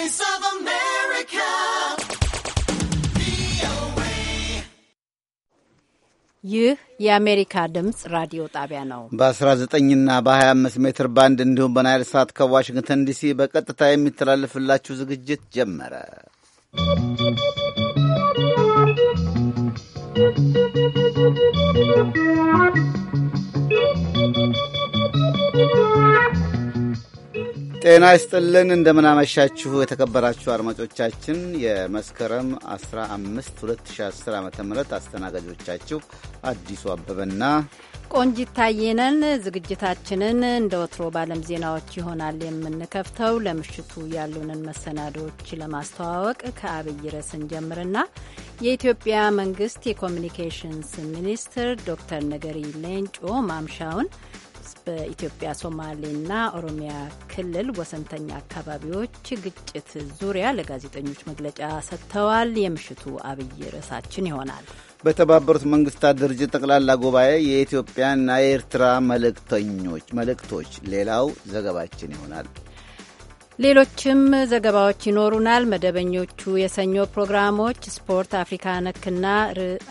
Voice of America. ይህ የአሜሪካ ድምፅ ራዲዮ ጣቢያ ነው። በ19ና በ25 ሜትር ባንድ እንዲሁም በናይል ሳት ከዋሽንግተን ዲሲ በቀጥታ የሚተላለፍላችሁ ዝግጅት ጀመረ። ¶¶ ጤና ይስጥልን እንደምናመሻችሁ የተከበራችሁ አድማጮቻችን የመስከረም 15 2010 ዓ ም አስተናጋጆቻችሁ አዲሱ አበበና ቆንጂት ታየነን። ዝግጅታችንን እንደ ወትሮ በዓለም ዜናዎች ይሆናል የምንከፍተው። ለምሽቱ ያሉንን መሰናዶዎች ለማስተዋወቅ ከአብይ ርዕስ እንጀምርና የኢትዮጵያ መንግስት የኮሚኒኬሽንስ ሚኒስትር ዶክተር ነገሪ ሌንጮ ማምሻውን በኢትዮጵያ ሶማሌና ኦሮሚያ ክልል ወሰንተኛ አካባቢዎች ግጭት ዙሪያ ለጋዜጠኞች መግለጫ ሰጥተዋል። የምሽቱ አብይ ርዕሳችን ይሆናል። በተባበሩት መንግስታት ድርጅት ጠቅላላ ጉባኤ የኢትዮጵያና የኤርትራ መልእክተኞች መልእክቶች ሌላው ዘገባችን ይሆናል። ሌሎችም ዘገባዎች ይኖሩናል። መደበኞቹ የሰኞ ፕሮግራሞች ስፖርት፣ አፍሪካ ነክና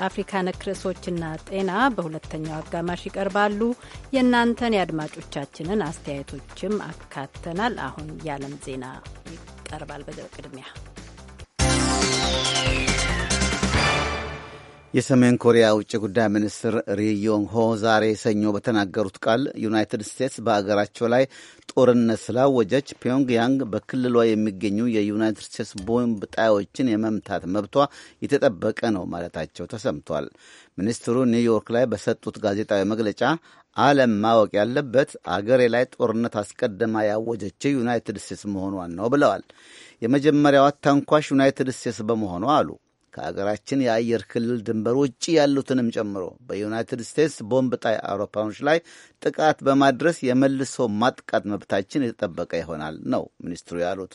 አፍሪካ ነክ ርዕሶችና ጤና በሁለተኛው አጋማሽ ይቀርባሉ። የእናንተን የአድማጮቻችንን አስተያየቶችም አካተናል። አሁን የዓለም ዜና ይቀርባል። በቅድሚያ የሰሜን ኮሪያ ውጭ ጉዳይ ሚኒስትር ሪዮን ሆ ዛሬ ሰኞ በተናገሩት ቃል ዩናይትድ ስቴትስ በአገራቸው ላይ ጦርነት ስላወጀች ፒዮንግያንግ በክልሏ የሚገኙ የዩናይትድ ስቴትስ ቦምብ ጣዮችን የመምታት መብቷ የተጠበቀ ነው ማለታቸው ተሰምቷል። ሚኒስትሩ ኒውዮርክ ላይ በሰጡት ጋዜጣዊ መግለጫ ዓለም ማወቅ ያለበት አገሬ ላይ ጦርነት አስቀድማ ያወጀችው ዩናይትድ ስቴትስ መሆኗን ነው ብለዋል። የመጀመሪያዋ ታንኳሽ ዩናይትድ ስቴትስ በመሆኗ አሉ ከአገራችን የአየር ክልል ድንበር ውጭ ያሉትንም ጨምሮ በዩናይትድ ስቴትስ ቦምብ ጣይ አውሮፓኖች ላይ ጥቃት በማድረስ የመልሶ ማጥቃት መብታችን የተጠበቀ ይሆናል ነው ሚኒስትሩ ያሉት።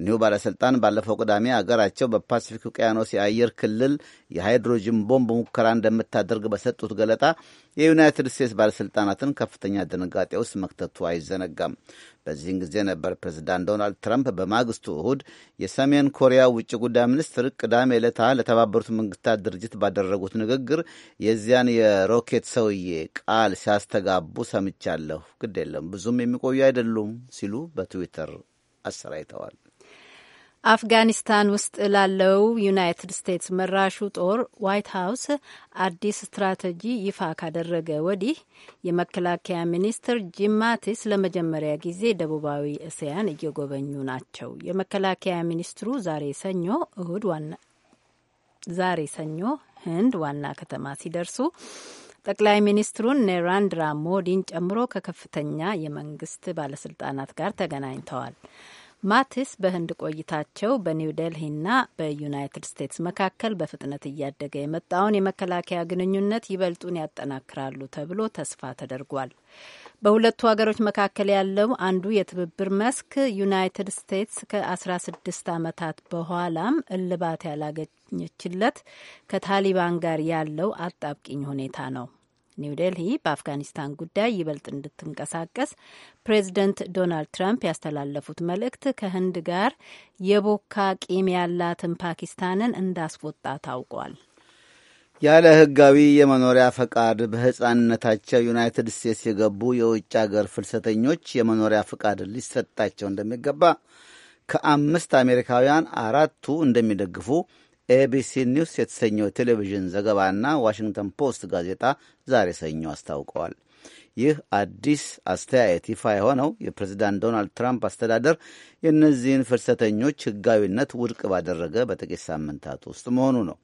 እኒሁ ባለሥልጣን ባለፈው ቅዳሜ አገራቸው በፓሲፊክ ውቅያኖስ የአየር ክልል የሃይድሮጅን ቦምብ ሙከራ እንደምታደርግ በሰጡት ገለጣ የዩናይትድ ስቴትስ ባለሥልጣናትን ከፍተኛ ድንጋጤ ውስጥ መክተቱ አይዘነጋም። በዚህን ጊዜ ነበር ፕሬዚዳንት ዶናልድ ትራምፕ በማግስቱ እሁድ የሰሜን ኮሪያ ውጭ ጉዳይ ሚኒስትር ቅዳሜ ዕለታ ለተባበሩት መንግስታት ድርጅት ባደረጉት ንግግር የዚያን የሮኬት ሰውዬ ቃል ሲያስተጋቡ ሰምቻለሁ፣ ግድ የለም ብዙም የሚቆዩ አይደሉም ሲሉ በትዊተር አሰራይተዋል። አፍጋኒስታን ውስጥ ላለው ዩናይትድ ስቴትስ መራሹ ጦር ዋይት ሀውስ አዲስ ስትራቴጂ ይፋ ካደረገ ወዲህ የመከላከያ ሚኒስትር ጂም ማቲስ ለመጀመሪያ ጊዜ ደቡባዊ እስያን እየጎበኙ ናቸው። የመከላከያ ሚኒስትሩ ዛሬ ሰኞ እሁድ ዋና ዛሬ ሰኞ ህንድ ዋና ከተማ ሲደርሱ ጠቅላይ ሚኒስትሩን ኔራንድራ ሞዲን ጨምሮ ከከፍተኛ የመንግስት ባለስልጣናት ጋር ተገናኝተዋል። ማቲስ በህንድ ቆይታቸው በኒው ዴልሂና በዩናይትድ ስቴትስ መካከል በፍጥነት እያደገ የመጣውን የመከላከያ ግንኙነት ይበልጡን ያጠናክራሉ ተብሎ ተስፋ ተደርጓል። በሁለቱ ሀገሮች መካከል ያለው አንዱ የትብብር መስክ ዩናይትድ ስቴትስ ከ16 ዓመታት በኋላም እልባት ያላገኘችለት ከታሊባን ጋር ያለው አጣብቂኝ ሁኔታ ነው። ኒውዴልሂ በአፍጋኒስታን ጉዳይ ይበልጥ እንድትንቀሳቀስ ፕሬዚደንት ዶናልድ ትራምፕ ያስተላለፉት መልእክት ከህንድ ጋር የቦካ ቂም ያላትን ፓኪስታንን እንዳስቆጣ ታውቋል። ያለ ህጋዊ የመኖሪያ ፈቃድ በህፃንነታቸው ዩናይትድ ስቴትስ የገቡ የውጭ አገር ፍልሰተኞች የመኖሪያ ፈቃድ ሊሰጣቸው እንደሚገባ ከአምስት አሜሪካውያን አራቱ እንደሚደግፉ ኤቢሲ ኒውስ የተሰኘው ቴሌቪዥን ዘገባና ዋሽንግተን ፖስት ጋዜጣ ዛሬ ሰኞ አስታውቀዋል። ይህ አዲስ አስተያየት ይፋ የሆነው የፕሬዚዳንት ዶናልድ ትራምፕ አስተዳደር የእነዚህን ፍልሰተኞች ሕጋዊነት ውድቅ ባደረገ በጥቂት ሳምንታት ውስጥ መሆኑ ነው።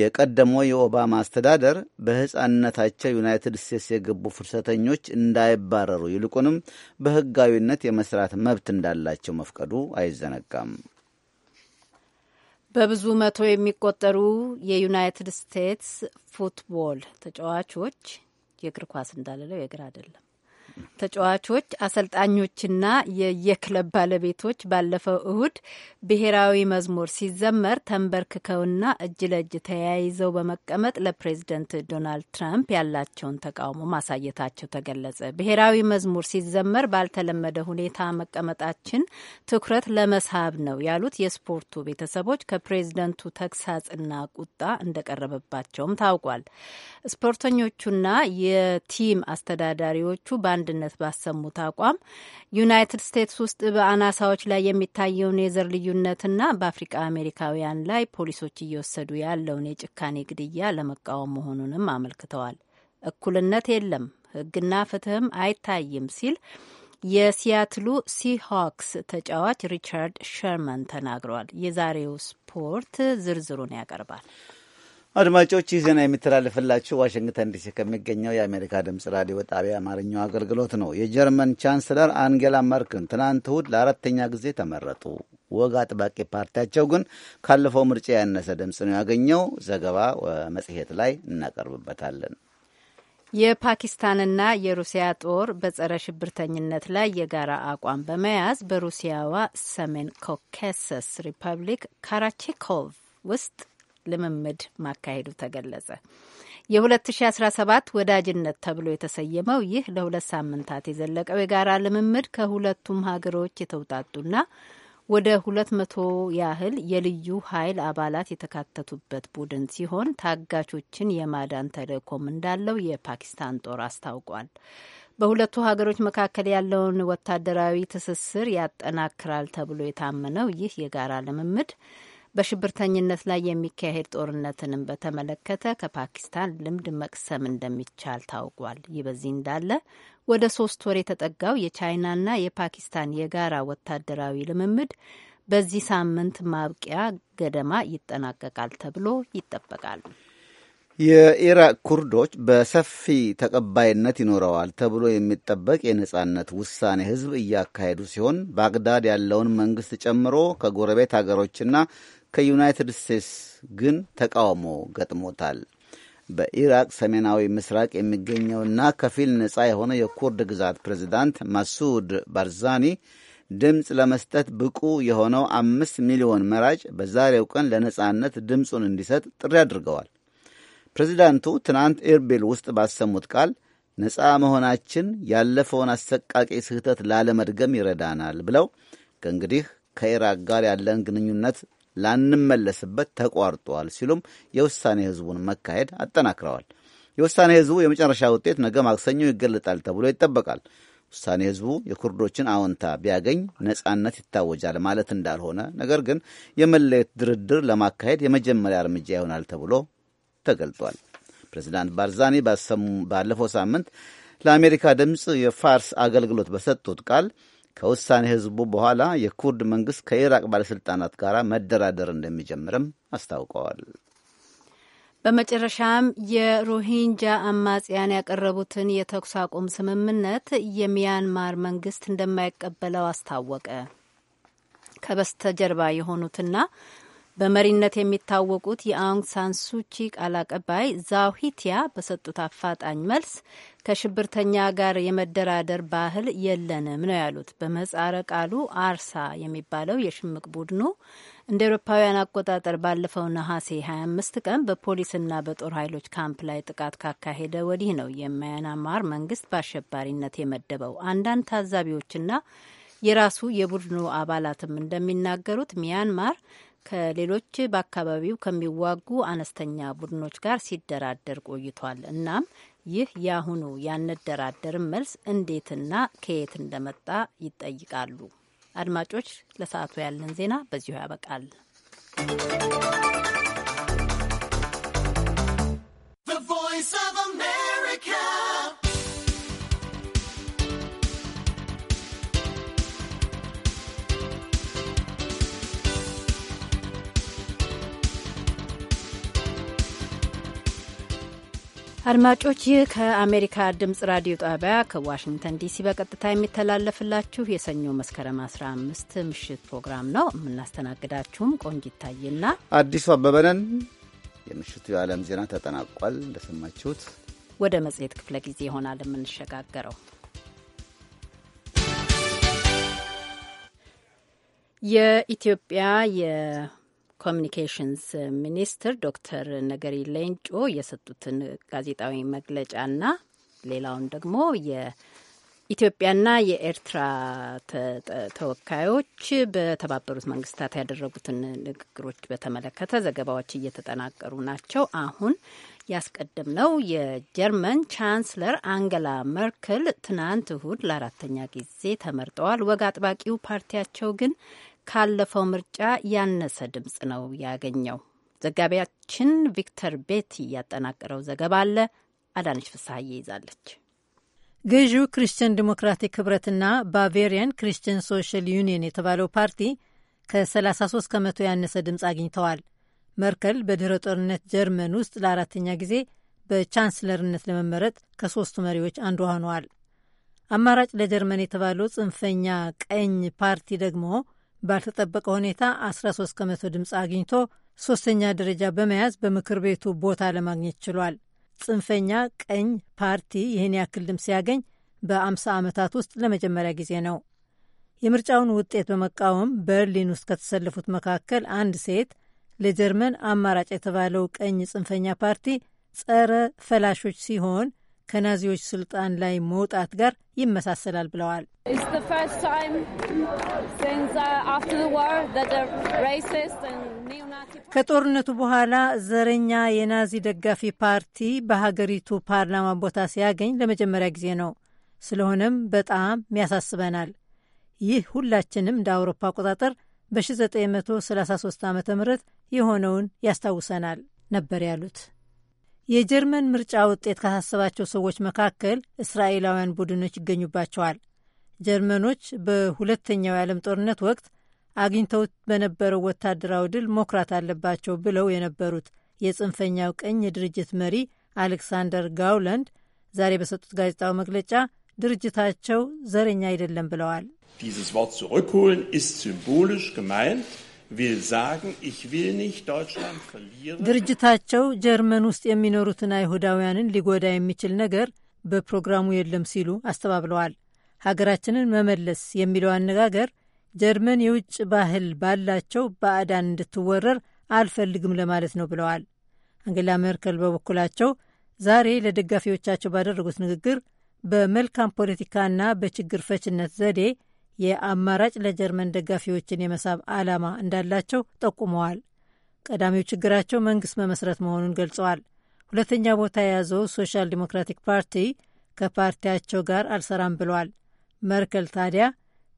የቀደመው የኦባማ አስተዳደር በሕፃንነታቸው ዩናይትድ ስቴትስ የገቡ ፍልሰተኞች እንዳይባረሩ ይልቁንም በሕጋዊነት የመስራት መብት እንዳላቸው መፍቀዱ አይዘነጋም። በብዙ መቶ የሚቆጠሩ የዩናይትድ ስቴትስ ፉትቦል ተጫዋቾች የእግር ኳስ እንዳልለው የእግር አይደለም ተጫዋቾች፣ አሰልጣኞችና የየክለብ ባለቤቶች ባለፈው እሁድ ብሔራዊ መዝሙር ሲዘመር ተንበርክከውና እጅ ለእጅ ተያይዘው በመቀመጥ ለፕሬዝደንት ዶናልድ ትራምፕ ያላቸውን ተቃውሞ ማሳየታቸው ተገለጸ። ብሔራዊ መዝሙር ሲዘመር ባልተለመደ ሁኔታ መቀመጣችን ትኩረት ለመሳብ ነው ያሉት የስፖርቱ ቤተሰቦች ከፕሬዝደንቱ ተግሳጽና ቁጣ እንደቀረበባቸውም ታውቋል። ስፖርተኞቹና የቲም አስተዳዳሪዎቹ በአንድ በአንድነት ባሰሙት አቋም ዩናይትድ ስቴትስ ውስጥ በአናሳዎች ላይ የሚታየውን የዘር ልዩነትና በአፍሪቃ አሜሪካውያን ላይ ፖሊሶች እየወሰዱ ያለውን የጭካኔ ግድያ ለመቃወም መሆኑንም አመልክተዋል። እኩልነት የለም፣ ሕግና ፍትህም አይታይም ሲል የሲያትሉ ሲሆክስ ተጫዋች ሪቻርድ ሸርመን ተናግሯል። የዛሬው ስፖርት ዝርዝሩን ያቀርባል። አድማጮች ይህ ዜና የሚተላለፍላችሁ ዋሽንግተን ዲሲ ከሚገኘው የአሜሪካ ድምፅ ራዲዮ ጣቢያ አማርኛው አገልግሎት ነው። የጀርመን ቻንስለር አንጌላ መርክል ትናንት እሁድ ለአራተኛ ጊዜ ተመረጡ። ወግ አጥባቂ ፓርቲያቸው ግን ካለፈው ምርጫ ያነሰ ድምፅ ነው ያገኘው። ዘገባ መጽሔት ላይ እናቀርብበታለን። የፓኪስታንና የሩሲያ ጦር በጸረ ሽብርተኝነት ላይ የጋራ አቋም በመያዝ በሩሲያዋ ሰሜን ኮኬሰስ ሪፐብሊክ ካራቼኮቭ ውስጥ ልምምድ ማካሄዱ ተገለጸ። የ2017 ወዳጅነት ተብሎ የተሰየመው ይህ ለሁለት ሳምንታት የዘለቀው የጋራ ልምምድ ከሁለቱም ሀገሮች የተውጣጡና ወደ 200 ያህል የልዩ ኃይል አባላት የተካተቱበት ቡድን ሲሆን ታጋቾችን የማዳን ተልእኮም እንዳለው የፓኪስታን ጦር አስታውቋል። በሁለቱ ሀገሮች መካከል ያለውን ወታደራዊ ትስስር ያጠናክራል ተብሎ የታመነው ይህ የጋራ ልምምድ በሽብርተኝነት ላይ የሚካሄድ ጦርነትንም በተመለከተ ከፓኪስታን ልምድ መቅሰም እንደሚቻል ታውቋል። ይህ በዚህ እንዳለ ወደ ሶስት ወር የተጠጋው የቻይናና የፓኪስታን የጋራ ወታደራዊ ልምምድ በዚህ ሳምንት ማብቂያ ገደማ ይጠናቀቃል ተብሎ ይጠበቃል። የኢራቅ ኩርዶች በሰፊ ተቀባይነት ይኖረዋል ተብሎ የሚጠበቅ የነጻነት ውሳኔ ህዝብ እያካሄዱ ሲሆን ባግዳድ ያለውን መንግስት ጨምሮ ከጎረቤት አገሮችና ከዩናይትድ ስቴትስ ግን ተቃውሞ ገጥሞታል። በኢራቅ ሰሜናዊ ምስራቅ የሚገኘውና ከፊል ነጻ የሆነ የኩርድ ግዛት ፕሬዚዳንት ማሱድ ባርዛኒ ድምፅ ለመስጠት ብቁ የሆነው አምስት ሚሊዮን መራጭ በዛሬው ቀን ለነጻነት ድምፁን እንዲሰጥ ጥሪ አድርገዋል። ፕሬዚዳንቱ ትናንት ኤርቢል ውስጥ ባሰሙት ቃል ነፃ መሆናችን ያለፈውን አሰቃቂ ስህተት ላለመድገም ይረዳናል ብለው ከእንግዲህ ከኢራቅ ጋር ያለን ግንኙነት ላንመለስበት ተቋርጧል ሲሉም የውሳኔ ህዝቡን መካሄድ አጠናክረዋል። የውሳኔ ህዝቡ የመጨረሻ ውጤት ነገ ማክሰኞ ይገለጣል ተብሎ ይጠበቃል። ውሳኔ ህዝቡ የኩርዶችን አዎንታ ቢያገኝ ነጻነት ይታወጃል ማለት እንዳልሆነ፣ ነገር ግን የመለየት ድርድር ለማካሄድ የመጀመሪያ እርምጃ ይሆናል ተብሎ ተገልጧል። ፕሬዚዳንት ባርዛኒ ባለፈው ሳምንት ለአሜሪካ ድምፅ የፋርስ አገልግሎት በሰጡት ቃል ከውሳኔ ህዝቡ በኋላ የኩርድ መንግስት ከኢራቅ ባለሥልጣናት ጋር መደራደር እንደሚጀምርም አስታውቀዋል። በመጨረሻም የሮሂንጃ አማጽያን ያቀረቡትን የተኩስ አቁም ስምምነት የሚያንማር መንግስት እንደማይቀበለው አስታወቀ። ከበስተጀርባ የሆኑትና በመሪነት የሚታወቁት የአውንግ ሳን ሱቺ ቃል አቀባይ ዛውሂቲያ በሰጡት አፋጣኝ መልስ ከሽብርተኛ ጋር የመደራደር ባህል የለንም ነው ያሉት። በመጻረ ቃሉ አርሳ የሚባለው የሽምቅ ቡድኑ እንደ ኤሮፓውያን አቆጣጠር ባለፈው ነሐሴ 25 ቀን በፖሊስና በጦር ኃይሎች ካምፕ ላይ ጥቃት ካካሄደ ወዲህ ነው የማያናማር መንግስት በአሸባሪነት የመደበው። አንዳንድ ታዛቢዎችና የራሱ የቡድኑ አባላትም እንደሚናገሩት ሚያንማር ከሌሎች በአካባቢው ከሚዋጉ አነስተኛ ቡድኖች ጋር ሲደራደር ቆይቷል። እናም ይህ የአሁኑ ያንደራደርን መልስ እንዴትና ከየት እንደመጣ ይጠይቃሉ። አድማጮች፣ ለሰዓቱ ያለን ዜና በዚሁ ያበቃል። ቮይስ ኦፍ አሜሪካ አድማጮች ይህ ከአሜሪካ ድምጽ ራዲዮ ጣቢያ ከዋሽንግተን ዲሲ በቀጥታ የሚተላለፍላችሁ የሰኞ መስከረም 15 ምሽት ፕሮግራም ነው። የምናስተናግዳችሁም ቆንጅ ይታይና አዲሱ አበበነን። የምሽቱ የዓለም ዜና ተጠናቋል። እንደሰማችሁት ወደ መጽሔት ክፍለ ጊዜ ይሆናል የምንሸጋገረው። የኢትዮጵያ ኮሚኒኬሽንስ ሚኒስትር ዶክተር ነገሪ ሌንጮ የሰጡትን ጋዜጣዊ መግለጫና ሌላውን ደግሞ የኢትዮጵያና የኤርትራ ተወካዮች በተባበሩት መንግስታት ያደረጉትን ንግግሮች በተመለከተ ዘገባዎች እየተጠናቀሩ ናቸው። አሁን ያስቀደምነው የጀርመን ቻንስለር አንገላ መርክል ትናንት እሁድ ለአራተኛ ጊዜ ተመርጠዋል። ወግ አጥባቂው ፓርቲያቸው ግን ካለፈው ምርጫ ያነሰ ድምፅ ነው ያገኘው። ዘጋቢያችን ቪክተር ቤት ያጠናቀረው ዘገባ አለ። አዳነች ፍስሐዬ ይዛለች። ገዢው ክሪስቲያን ዲሞክራቲክ ህብረትና ባቬሪያን ክሪስቲያን ሶሻል ዩኒየን የተባለው ፓርቲ ከ33 ከመቶ ያነሰ ድምፅ አግኝተዋል። መርከል በድህረ ጦርነት ጀርመን ውስጥ ለአራተኛ ጊዜ በቻንስለርነት ለመመረጥ ከሶስቱ መሪዎች አንዱ ሆነዋል። አማራጭ ለጀርመን የተባለው ጽንፈኛ ቀኝ ፓርቲ ደግሞ ባልተጠበቀ ሁኔታ 13 ከመቶ ድምፅ አግኝቶ ሶስተኛ ደረጃ በመያዝ በምክር ቤቱ ቦታ ለማግኘት ችሏል። ጽንፈኛ ቀኝ ፓርቲ ይህን ያክል ድምፅ ሲያገኝ በ50 ዓመታት ውስጥ ለመጀመሪያ ጊዜ ነው። የምርጫውን ውጤት በመቃወም በርሊን ውስጥ ከተሰለፉት መካከል አንድ ሴት ለጀርመን አማራጭ የተባለው ቀኝ ጽንፈኛ ፓርቲ ጸረ ፈላሾች ሲሆን ከናዚዎች ስልጣን ላይ መውጣት ጋር ይመሳሰላል ብለዋል። uh, ከጦርነቱ በኋላ ዘረኛ የናዚ ደጋፊ ፓርቲ በሀገሪቱ ፓርላማ ቦታ ሲያገኝ ለመጀመሪያ ጊዜ ነው። ስለሆነም በጣም ያሳስበናል። ይህ ሁላችንም እንደ አውሮፓ አቆጣጠር በ1933 ዓ ም የሆነውን ያስታውሰናል ነበር ያሉት። የጀርመን ምርጫ ውጤት ካሳሰባቸው ሰዎች መካከል እስራኤላውያን ቡድኖች ይገኙባቸዋል። ጀርመኖች በሁለተኛው የዓለም ጦርነት ወቅት አግኝተውት በነበረው ወታደራዊ ድል መኩራት አለባቸው ብለው የነበሩት የጽንፈኛው ቀኝ ድርጅት መሪ አሌክሳንደር ጋውላንድ ዛሬ በሰጡት ጋዜጣዊ መግለጫ ድርጅታቸው ዘረኛ አይደለም ብለዋል። ድርጅታቸው ጀርመን ውስጥ የሚኖሩትን አይሁዳውያንን ሊጎዳ የሚችል ነገር በፕሮግራሙ የለም ሲሉ አስተባብለዋል። ሀገራችንን መመለስ የሚለው አነጋገር ጀርመን የውጭ ባህል ባላቸው ባዕዳን እንድትወረር አልፈልግም ለማለት ነው ብለዋል። አንገላ ሜርከል በበኩላቸው ዛሬ ለደጋፊዎቻቸው ባደረጉት ንግግር በመልካም ፖለቲካና በችግር ፈችነት ዘዴ የአማራጭ ለጀርመን ደጋፊዎችን የመሳብ ዓላማ እንዳላቸው ጠቁመዋል። ቀዳሚው ችግራቸው መንግስት መመስረት መሆኑን ገልጸዋል። ሁለተኛ ቦታ የያዘው ሶሻል ዲሞክራቲክ ፓርቲ ከፓርቲያቸው ጋር አልሰራም ብለዋል። መርከል ታዲያ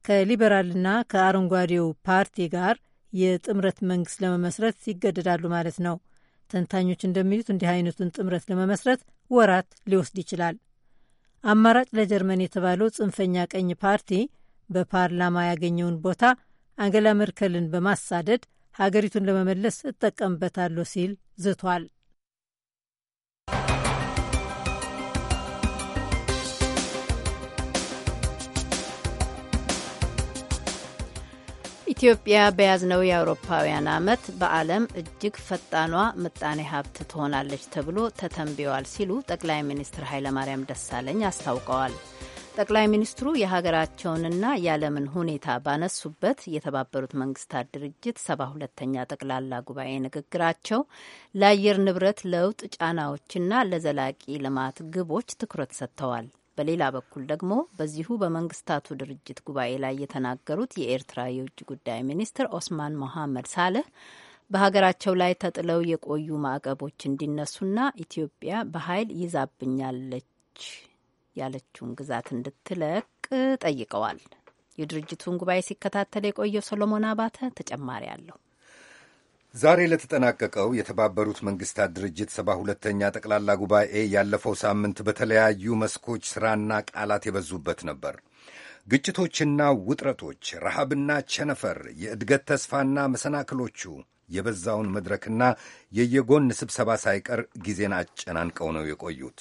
ከሊበራልና ከአረንጓዴው ፓርቲ ጋር የጥምረት መንግስት ለመመስረት ይገደዳሉ ማለት ነው። ተንታኞች እንደሚሉት እንዲህ አይነቱን ጥምረት ለመመስረት ወራት ሊወስድ ይችላል። አማራጭ ለጀርመን የተባለው ጽንፈኛ ቀኝ ፓርቲ በፓርላማ ያገኘውን ቦታ አንገላ መርከልን በማሳደድ ሀገሪቱን ለመመለስ እጠቀምበታለሁ ሲል ዝቷል። ኢትዮጵያ በያዝነው የአውሮፓውያን ዓመት በዓለም እጅግ ፈጣኗ ምጣኔ ሀብት ትሆናለች ተብሎ ተተንብዮዋል ሲሉ ጠቅላይ ሚኒስትር ኃይለማርያም ደሳለኝ አስታውቀዋል። ጠቅላይ ሚኒስትሩ የሀገራቸውንና የዓለምን ሁኔታ ባነሱበት የተባበሩት መንግስታት ድርጅት ሰባ ሁለተኛ ጠቅላላ ጉባኤ ንግግራቸው ለአየር ንብረት ለውጥ ጫናዎችና ለዘላቂ ልማት ግቦች ትኩረት ሰጥተዋል። በሌላ በኩል ደግሞ በዚሁ በመንግስታቱ ድርጅት ጉባኤ ላይ የተናገሩት የኤርትራ የውጭ ጉዳይ ሚኒስትር ኦስማን መሐመድ ሳለህ በሀገራቸው ላይ ተጥለው የቆዩ ማዕቀቦች እንዲነሱና ኢትዮጵያ በኃይል ይዛብኛለች ያለችውን ግዛት እንድትለቅ ጠይቀዋል። የድርጅቱን ጉባኤ ሲከታተል የቆየው ሰሎሞን አባተ ተጨማሪ አለው። ዛሬ ለተጠናቀቀው የተባበሩት መንግስታት ድርጅት ሰባ ሁለተኛ ጠቅላላ ጉባኤ ያለፈው ሳምንት በተለያዩ መስኮች ሥራና ቃላት የበዙበት ነበር። ግጭቶችና ውጥረቶች፣ ረሃብና ቸነፈር፣ የእድገት ተስፋና መሰናክሎቹ የበዛውን መድረክና የየጎን ስብሰባ ሳይቀር ጊዜን አጨናንቀው ነው የቆዩት።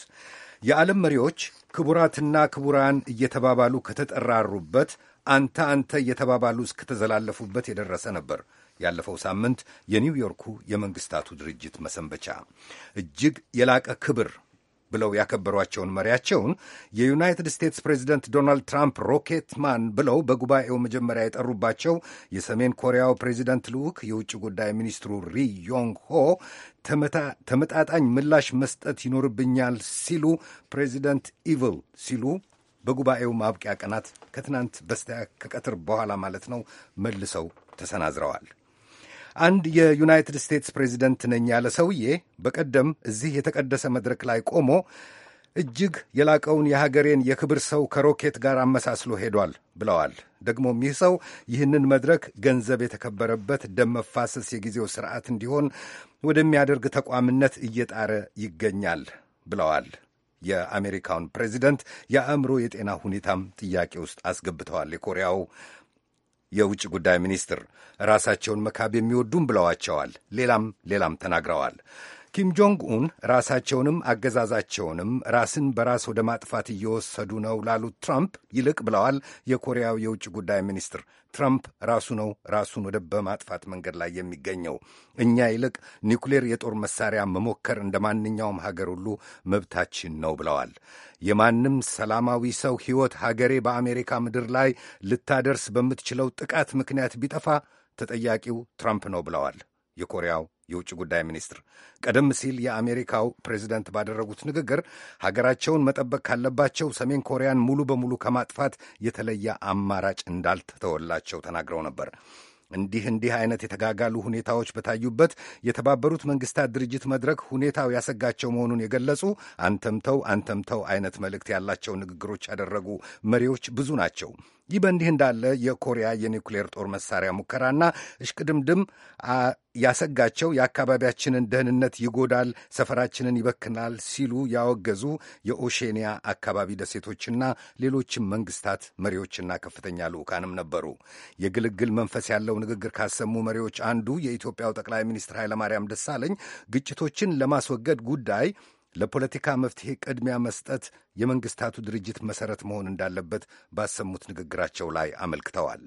የዓለም መሪዎች ክቡራትና ክቡራን እየተባባሉ ከተጠራሩበት አንተ አንተ እየተባባሉ እስከተዘላለፉበት የደረሰ ነበር ያለፈው ሳምንት የኒውዮርኩ የመንግስታቱ ድርጅት መሰንበቻ እጅግ የላቀ ክብር ብለው ያከበሯቸውን መሪያቸውን የዩናይትድ ስቴትስ ፕሬዚደንት ዶናልድ ትራምፕ ሮኬትማን ብለው በጉባኤው መጀመሪያ የጠሩባቸው የሰሜን ኮሪያው ፕሬዚደንት ልዑክ የውጭ ጉዳይ ሚኒስትሩ ሪ ዮንግ ሆ ተመጣጣኝ ምላሽ መስጠት ይኖርብኛል ሲሉ ፕሬዚደንት ኢቭል ሲሉ በጉባኤው ማብቂያ ቀናት ከትናንት በስቲያ ከቀትር በኋላ ማለት ነው መልሰው ተሰናዝረዋል። አንድ የዩናይትድ ስቴትስ ፕሬዚደንት ነኝ ያለ ሰውዬ በቀደም እዚህ የተቀደሰ መድረክ ላይ ቆሞ እጅግ የላቀውን የሀገሬን የክብር ሰው ከሮኬት ጋር አመሳስሎ ሄዷል ብለዋል። ደግሞም ይህ ሰው ይህንን መድረክ ገንዘብ የተከበረበት ደም መፋሰስ የጊዜው ስርዓት እንዲሆን ወደሚያደርግ ተቋምነት እየጣረ ይገኛል ብለዋል። የአሜሪካውን ፕሬዚደንት የአእምሮ የጤና ሁኔታም ጥያቄ ውስጥ አስገብተዋል የኮሪያው የውጭ ጉዳይ ሚኒስትር ራሳቸውን መካብ የሚወዱም ብለዋቸዋል። ሌላም ሌላም ተናግረዋል። ኪም ጆንግ ኡን ራሳቸውንም አገዛዛቸውንም ራስን በራስ ወደ ማጥፋት እየወሰዱ ነው ላሉት ትራምፕ ይልቅ ብለዋል የኮሪያው የውጭ ጉዳይ ሚኒስትር። ትራምፕ ራሱ ነው ራሱን ወደ በማጥፋት መንገድ ላይ የሚገኘው። እኛ ይልቅ ኒውክሌር የጦር መሳሪያ መሞከር እንደ ማንኛውም ሀገር ሁሉ መብታችን ነው ብለዋል። የማንም ሰላማዊ ሰው ሕይወት ሀገሬ በአሜሪካ ምድር ላይ ልታደርስ በምትችለው ጥቃት ምክንያት ቢጠፋ ተጠያቂው ትራምፕ ነው ብለዋል። የኮሪያው የውጭ ጉዳይ ሚኒስትር ቀደም ሲል የአሜሪካው ፕሬዚደንት ባደረጉት ንግግር ሀገራቸውን መጠበቅ ካለባቸው ሰሜን ኮሪያን ሙሉ በሙሉ ከማጥፋት የተለየ አማራጭ እንዳልተተወላቸው ተናግረው ነበር። እንዲህ እንዲህ አይነት የተጋጋሉ ሁኔታዎች በታዩበት የተባበሩት መንግስታት ድርጅት መድረክ ሁኔታው ያሰጋቸው መሆኑን የገለጹ አንተምተው አንተምተው አይነት መልእክት ያላቸው ንግግሮች ያደረጉ መሪዎች ብዙ ናቸው። ይህ በእንዲህ እንዳለ የኮሪያ የኒውክሌር ጦር መሳሪያ ሙከራና እሽቅድምድም ያሰጋቸው የአካባቢያችንን ደህንነት ይጎዳል፣ ሰፈራችንን ይበክናል ሲሉ ያወገዙ የኦሼንያ አካባቢ ደሴቶችና ሌሎችም መንግስታት መሪዎችና ከፍተኛ ልዑካንም ነበሩ። የግልግል መንፈስ ያለው ንግግር ካሰሙ መሪዎች አንዱ የኢትዮጵያው ጠቅላይ ሚኒስትር ኃይለማርያም ደሳለኝ ግጭቶችን ለማስወገድ ጉዳይ ለፖለቲካ መፍትሄ ቅድሚያ መስጠት የመንግስታቱ ድርጅት መሰረት መሆን እንዳለበት ባሰሙት ንግግራቸው ላይ አመልክተዋል።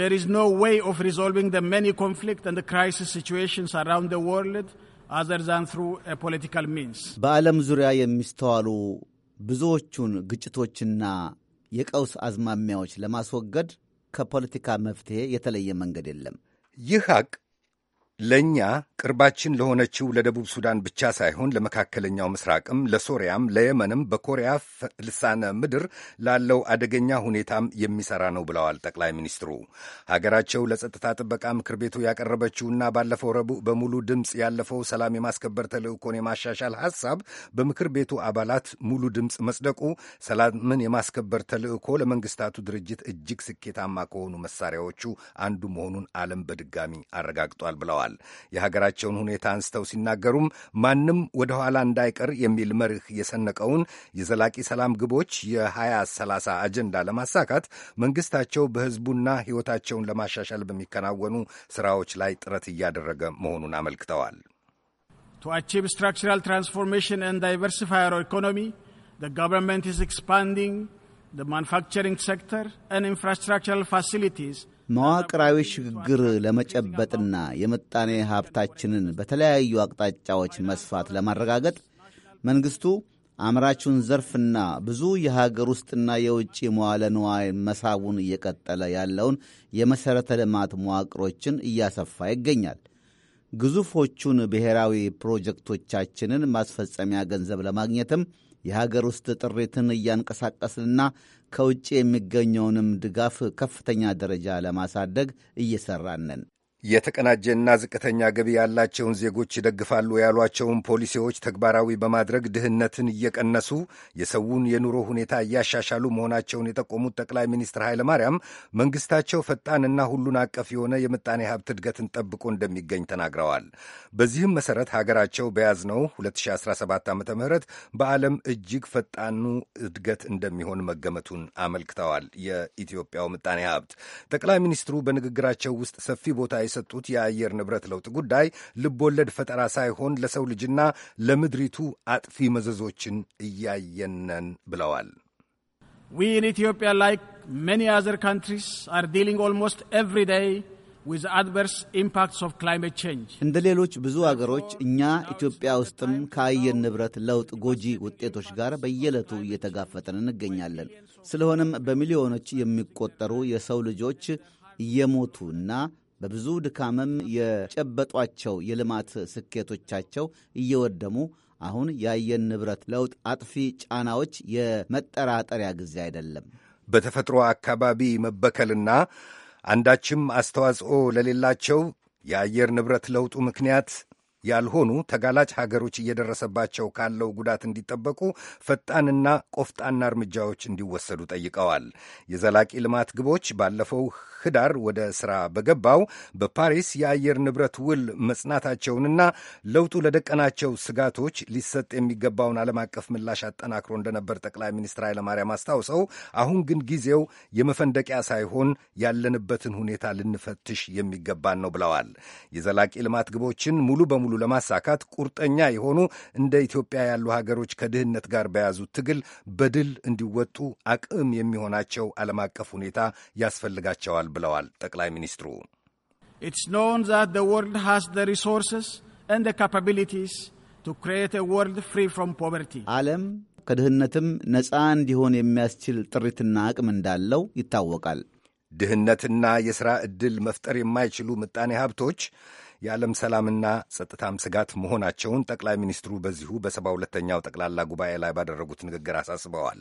There is no way of resolving the many conflict and the crisis situations around the world other than through a political means. በዓለም ዙሪያ የሚስተዋሉ ብዙዎቹን ግጭቶችና የቀውስ አዝማሚያዎች ለማስወገድ ከፖለቲካ መፍትሄ የተለየ መንገድ የለም። ይህ ሀቅ ለእኛ ቅርባችን ለሆነችው ለደቡብ ሱዳን ብቻ ሳይሆን ለመካከለኛው ምስራቅም፣ ለሶሪያም፣ ለየመንም በኮሪያ ልሳነ ምድር ላለው አደገኛ ሁኔታም የሚሰራ ነው ብለዋል ጠቅላይ ሚኒስትሩ። ሀገራቸው ለጸጥታ ጥበቃ ምክር ቤቱ ያቀረበችውና ባለፈው ረቡዕ በሙሉ ድምፅ ያለፈው ሰላም የማስከበር ተልዕኮን የማሻሻል ሐሳብ በምክር ቤቱ አባላት ሙሉ ድምፅ መጽደቁ ሰላምን የማስከበር ተልዕኮ ለመንግስታቱ ድርጅት እጅግ ስኬታማ ከሆኑ መሳሪያዎቹ አንዱ መሆኑን ዓለም በድጋሚ አረጋግጧል ብለዋል። ብለዋል። የሀገራቸውን ሁኔታ አንስተው ሲናገሩም ማንም ወደ ኋላ እንዳይቀር የሚል መርህ የሰነቀውን የዘላቂ ሰላም ግቦች የ2030 አጀንዳ ለማሳካት መንግስታቸው በህዝቡና ህይወታቸውን ለማሻሻል በሚከናወኑ ስራዎች ላይ ጥረት እያደረገ መሆኑን አመልክተዋል። ቱ አቺቭ ስትራክቸራል ትራንስፎርሜሽን ኢኮኖሚ ዘ ጋቨርንመንት ኢዝ ኤክስፓንዲንግ ዘ ማኑፋክቸሪንግ ሴክተር ኢንፍራስትራክቸራል ፋሲሊቲስ መዋቅራዊ ሽግግር ለመጨበጥና የምጣኔ ሀብታችንን በተለያዩ አቅጣጫዎች መስፋት ለማረጋገጥ መንግሥቱ አምራቹን ዘርፍና ብዙ የሀገር ውስጥና የውጭ መዋለ ንዋይ መሳቡን እየቀጠለ ያለውን የመሠረተ ልማት መዋቅሮችን እያሰፋ ይገኛል። ግዙፎቹን ብሔራዊ ፕሮጀክቶቻችንን ማስፈጸሚያ ገንዘብ ለማግኘትም የሀገር ውስጥ ጥሪትን እያንቀሳቀስንና ከውጭ የሚገኘውንም ድጋፍ ከፍተኛ ደረጃ ለማሳደግ እየሰራን የተቀናጀና ዝቅተኛ ገቢ ያላቸውን ዜጎች ይደግፋሉ ያሏቸውን ፖሊሲዎች ተግባራዊ በማድረግ ድህነትን እየቀነሱ የሰውን የኑሮ ሁኔታ እያሻሻሉ መሆናቸውን የጠቆሙት ጠቅላይ ሚኒስትር ኃይለ ማርያም መንግስታቸው ፈጣንና ሁሉን አቀፍ የሆነ የምጣኔ ሀብት እድገትን ጠብቆ እንደሚገኝ ተናግረዋል። በዚህም መሰረት ሀገራቸው በያዝነው 2017 ዓ ም በዓለም እጅግ ፈጣኑ እድገት እንደሚሆን መገመቱን አመልክተዋል። የኢትዮጵያው ምጣኔ ሀብት ጠቅላይ ሚኒስትሩ በንግግራቸው ውስጥ ሰፊ ቦታ የሰጡት የአየር ንብረት ለውጥ ጉዳይ ልቦለድ ፈጠራ ሳይሆን ለሰው ልጅና ለምድሪቱ አጥፊ መዘዞችን እያየነን ብለዋል። We in Ethiopia, like many other countries, are dealing almost every day እንደ ሌሎች ብዙ አገሮች እኛ ኢትዮጵያ ውስጥም ከአየር ንብረት ለውጥ ጎጂ ውጤቶች ጋር በየዕለቱ እየተጋፈጠን እንገኛለን። ስለሆነም በሚሊዮኖች የሚቆጠሩ የሰው ልጆች እየሞቱና በብዙ ድካምም የጨበጧቸው የልማት ስኬቶቻቸው እየወደሙ አሁን የአየር ንብረት ለውጥ አጥፊ ጫናዎች የመጠራጠሪያ ጊዜ አይደለም። በተፈጥሮ አካባቢ መበከልና አንዳችም አስተዋጽኦ ለሌላቸው የአየር ንብረት ለውጡ ምክንያት ያልሆኑ ተጋላጭ ሀገሮች እየደረሰባቸው ካለው ጉዳት እንዲጠበቁ ፈጣንና ቆፍጣና እርምጃዎች እንዲወሰዱ ጠይቀዋል። የዘላቂ ልማት ግቦች ባለፈው ህዳር ወደ ሥራ በገባው በፓሪስ የአየር ንብረት ውል መጽናታቸውንና ለውጡ ለደቀናቸው ስጋቶች ሊሰጥ የሚገባውን ዓለም አቀፍ ምላሽ አጠናክሮ እንደነበር ጠቅላይ ሚኒስትር ኃይለማርያም አስታውሰው፣ አሁን ግን ጊዜው የመፈንደቂያ ሳይሆን ያለንበትን ሁኔታ ልንፈትሽ የሚገባን ነው ብለዋል። የዘላቂ ልማት ግቦችን ሙሉ በሙሉ ለማሳካት ቁርጠኛ የሆኑ እንደ ኢትዮጵያ ያሉ ሀገሮች ከድህነት ጋር በያዙት ትግል በድል እንዲወጡ አቅም የሚሆናቸው ዓለም አቀፍ ሁኔታ ያስፈልጋቸዋል ብለዋል ጠቅላይ ሚኒስትሩ። ኢትስ ኖን ዛት ዘ ወርልድ ሃዝ ዘ ፍሪ ፍሮም ፖቨርቲ ዓለም ከድህነትም ነፃ እንዲሆን የሚያስችል ጥሪትና አቅም እንዳለው ይታወቃል። ድህነትና የሥራ ዕድል መፍጠር የማይችሉ ምጣኔ ሀብቶች የዓለም ሰላምና ጸጥታም ስጋት መሆናቸውን ጠቅላይ ሚኒስትሩ በዚሁ በሰባ ሁለተኛው ጠቅላላ ጉባኤ ላይ ባደረጉት ንግግር አሳስበዋል።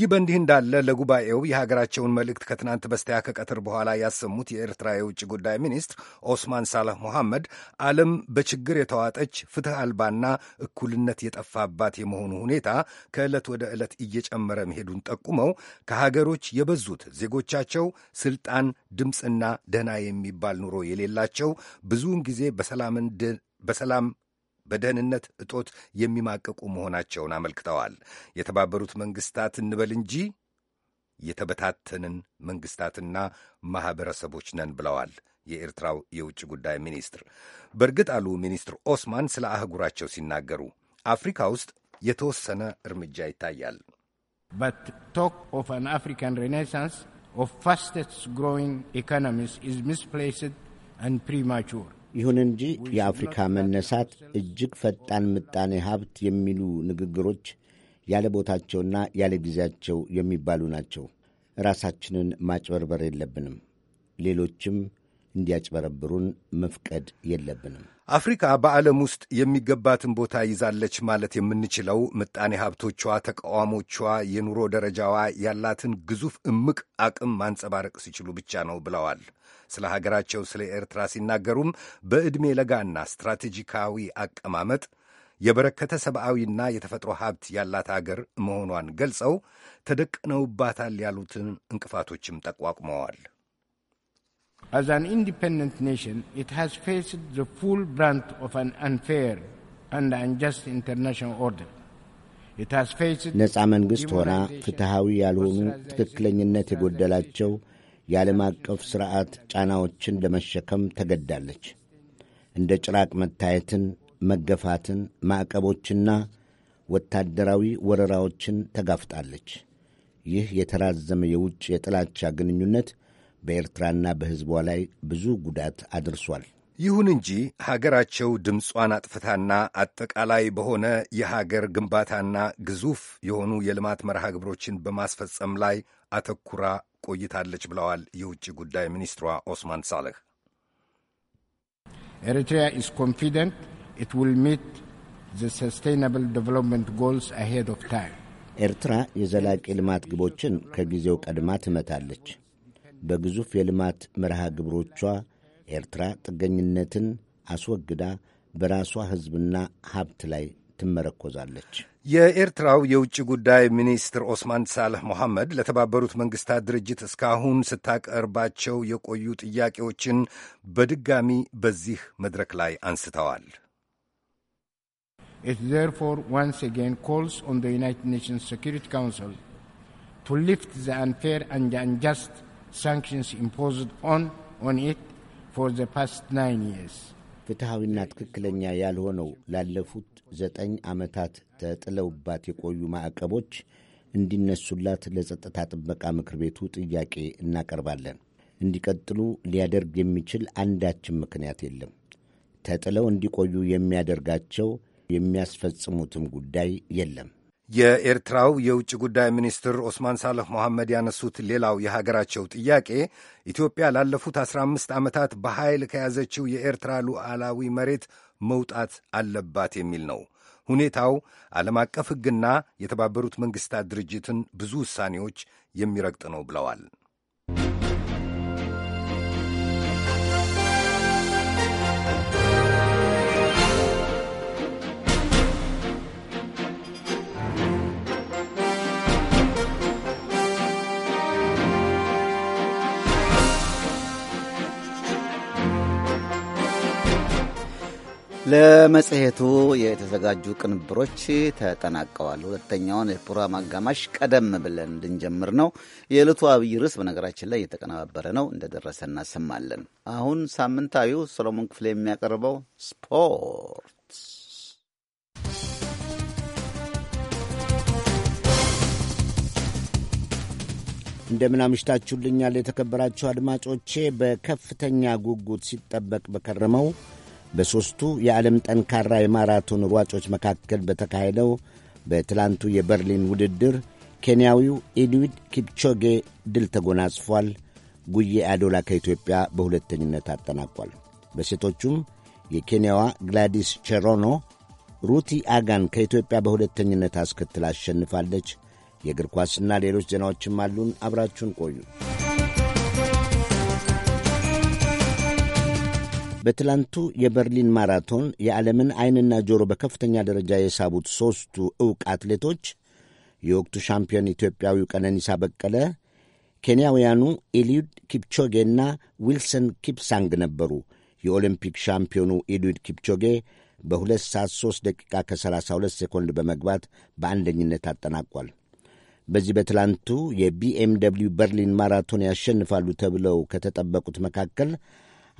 ይህ በእንዲህ እንዳለ ለጉባኤው የሀገራቸውን መልእክት ከትናንት በስቲያ ከቀትር በኋላ ያሰሙት የኤርትራ የውጭ ጉዳይ ሚኒስትር ኦስማን ሳላህ ሞሐመድ ዓለም በችግር የተዋጠች ፍትህ አልባና እኩልነት የጠፋባት የመሆኑ ሁኔታ ከዕለት ወደ ዕለት እየጨመረ መሄዱን ጠቁመው ከሀገሮች የበዙት ዜጎቻቸው ስልጣን፣ ድምፅና ደህና የሚባል ኑሮ የሌላቸው ብዙውን ጊዜ ጊዜ በሰላም በደህንነት እጦት የሚማቀቁ መሆናቸውን አመልክተዋል። የተባበሩት መንግስታት እንበል እንጂ የተበታተንን መንግስታትና ማኅበረሰቦች ነን ብለዋል የኤርትራው የውጭ ጉዳይ ሚኒስትር። በእርግጥ አሉ ሚኒስትር ኦስማን ስለ አህጉራቸው ሲናገሩ አፍሪካ ውስጥ የተወሰነ እርምጃ ይታያል። በት ቶክ ኦፍ አን አፍሪካን ሬኔሳንስ ኦፍ ፋስተስት ግሮዊንግ ኢኮኖሚስ ኢዝ ሚስፕሌስድ አንድ ፕሪማቹር ይሁን እንጂ የአፍሪካ መነሳት እጅግ ፈጣን ምጣኔ ሀብት የሚሉ ንግግሮች ያለ ቦታቸውና ያለ ጊዜያቸው የሚባሉ ናቸው። ራሳችንን ማጭበርበር የለብንም። ሌሎችም እንዲያጭበረብሩን መፍቀድ የለብንም። አፍሪካ በዓለም ውስጥ የሚገባትን ቦታ ይዛለች ማለት የምንችለው ምጣኔ ሀብቶቿ፣ ተቃዋሞቿ፣ የኑሮ ደረጃዋ ያላትን ግዙፍ እምቅ አቅም ማንጸባረቅ ሲችሉ ብቻ ነው ብለዋል። ስለ ሀገራቸው ስለ ኤርትራ ሲናገሩም በዕድሜ ለጋና ስትራቴጂካዊ አቀማመጥ የበረከተ ሰብአዊና የተፈጥሮ ሀብት ያላት አገር መሆኗን ገልጸው ተደቅነውባታል ያሉትን እንቅፋቶችም ጠቋቁመዋል። አዝ አን ኢንዲፐንደንት ኔሽን ኢት ሃዝ ፌስድ ዘ ፉል ብራንት ኦፍ አን አንፌር አንድ አንጀስት ኢንተርናሽናል ኦርደር ነፃ መንግሥት ሆና ፍትሐዊ ያልሆኑ ትክክለኝነት የጎደላቸው የዓለም አቀፍ ሥርዓት ጫናዎችን ለመሸከም ተገዳለች። እንደ ጭራቅ መታየትን፣ መገፋትን፣ ማዕቀቦችና ወታደራዊ ወረራዎችን ተጋፍጣለች። ይህ የተራዘመ የውጭ የጥላቻ ግንኙነት በኤርትራና በሕዝቧ ላይ ብዙ ጉዳት አድርሷል። ይሁን እንጂ ሀገራቸው ድምጿን አጥፍታና አጠቃላይ በሆነ የሀገር ግንባታና ግዙፍ የሆኑ የልማት መርሃ ግብሮችን በማስፈጸም ላይ አተኩራ ቆይታለች ብለዋል የውጭ ጉዳይ ሚኒስትሯ ኦስማን ሳልህ። ኤሪትሪያ ኢዝ ኮንፊደንት ኢት ዊል ሚት ዘ ሰስቴናብል ዴቨሎፕመንት ጎልስ አሄድ ኦፍ ታይም። ኤርትራ የዘላቂ ልማት ግቦችን ከጊዜው ቀድማ ትመታለች። በግዙፍ የልማት መርሃ ግብሮቿ ኤርትራ ጥገኝነትን አስወግዳ በራሷ ሕዝብና ሀብት ላይ ትመረኮዛለች። የኤርትራው የውጭ ጉዳይ ሚኒስትር ኦስማን ሳልህ ሞሐመድ ለተባበሩት መንግስታት ድርጅት እስካሁን ስታቀርባቸው የቆዩ ጥያቄዎችን በድጋሚ በዚህ መድረክ ላይ አንስተዋል። It therefore once again calls on the United Nations Security Council to lift the unfair and unjust sanctions imposed on, on it for the past nine years. ፍትሐዊና ትክክለኛ ያልሆነው ላለፉት ዘጠኝ ዓመታት ተጥለውባት የቆዩ ማዕቀቦች እንዲነሱላት ለጸጥታ ጥበቃ ምክር ቤቱ ጥያቄ እናቀርባለን። እንዲቀጥሉ ሊያደርግ የሚችል አንዳችም ምክንያት የለም። ተጥለው እንዲቆዩ የሚያደርጋቸው የሚያስፈጽሙትም ጉዳይ የለም። የኤርትራው የውጭ ጉዳይ ሚኒስትር ኦስማን ሳልህ መሐመድ ያነሱት ሌላው የሀገራቸው ጥያቄ ኢትዮጵያ ላለፉት አስራ አምስት ዓመታት በኃይል ከያዘችው የኤርትራ ሉዓላዊ መሬት መውጣት አለባት የሚል ነው። ሁኔታው ዓለም አቀፍ ሕግና የተባበሩት መንግሥታት ድርጅትን ብዙ ውሳኔዎች የሚረግጥ ነው ብለዋል። ለመጽሔቱ የተዘጋጁ ቅንብሮች ተጠናቀዋል። ሁለተኛውን የፕሮግራም አጋማሽ ቀደም ብለን እንድንጀምር ነው። የዕለቱ አብይ ርዕስ በነገራችን ላይ እየተቀነባበረ ነው፣ እንደደረሰ እናሰማለን። አሁን ሳምንታዊው ሰሎሞን ክፍል የሚያቀርበው ስፖርት እንደምን አምሽታችሁልኛል የተከበራችሁ አድማጮቼ። በከፍተኛ ጉጉት ሲጠበቅ በከረመው በሦስቱ የዓለም ጠንካራ የማራቶን ሯጮች መካከል በተካሄደው በትላንቱ የበርሊን ውድድር ኬንያዊው ኤድዊድ ኪፕቾጌ ድል ተጎናጽፏል። ጉዬ አዶላ ከኢትዮጵያ በሁለተኝነት አጠናቋል። በሴቶቹም የኬንያዋ ግላዲስ ቼሮኖ ሩቲ አጋን ከኢትዮጵያ በሁለተኝነት አስከትላ አሸንፋለች። የእግር ኳስና ሌሎች ዜናዎችም አሉን። አብራችሁን ቆዩ። በትላንቱ የበርሊን ማራቶን የዓለምን ዐይንና ጆሮ በከፍተኛ ደረጃ የሳቡት ሦስቱ ዕውቅ አትሌቶች የወቅቱ ሻምፒዮን ኢትዮጵያዊው ቀነኒሳ በቀለ፣ ኬንያውያኑ ኢልዩድ ኪፕቾጌና ዊልሰን ኪፕሳንግ ነበሩ። የኦሎምፒክ ሻምፒዮኑ ኢልዩድ ኪፕቾጌ በ2 ሰዓት 3 ደቂቃ ከ32 ሴኮንድ በመግባት በአንደኝነት አጠናቋል። በዚህ በትላንቱ የቢኤምደብሊው በርሊን ማራቶን ያሸንፋሉ ተብለው ከተጠበቁት መካከል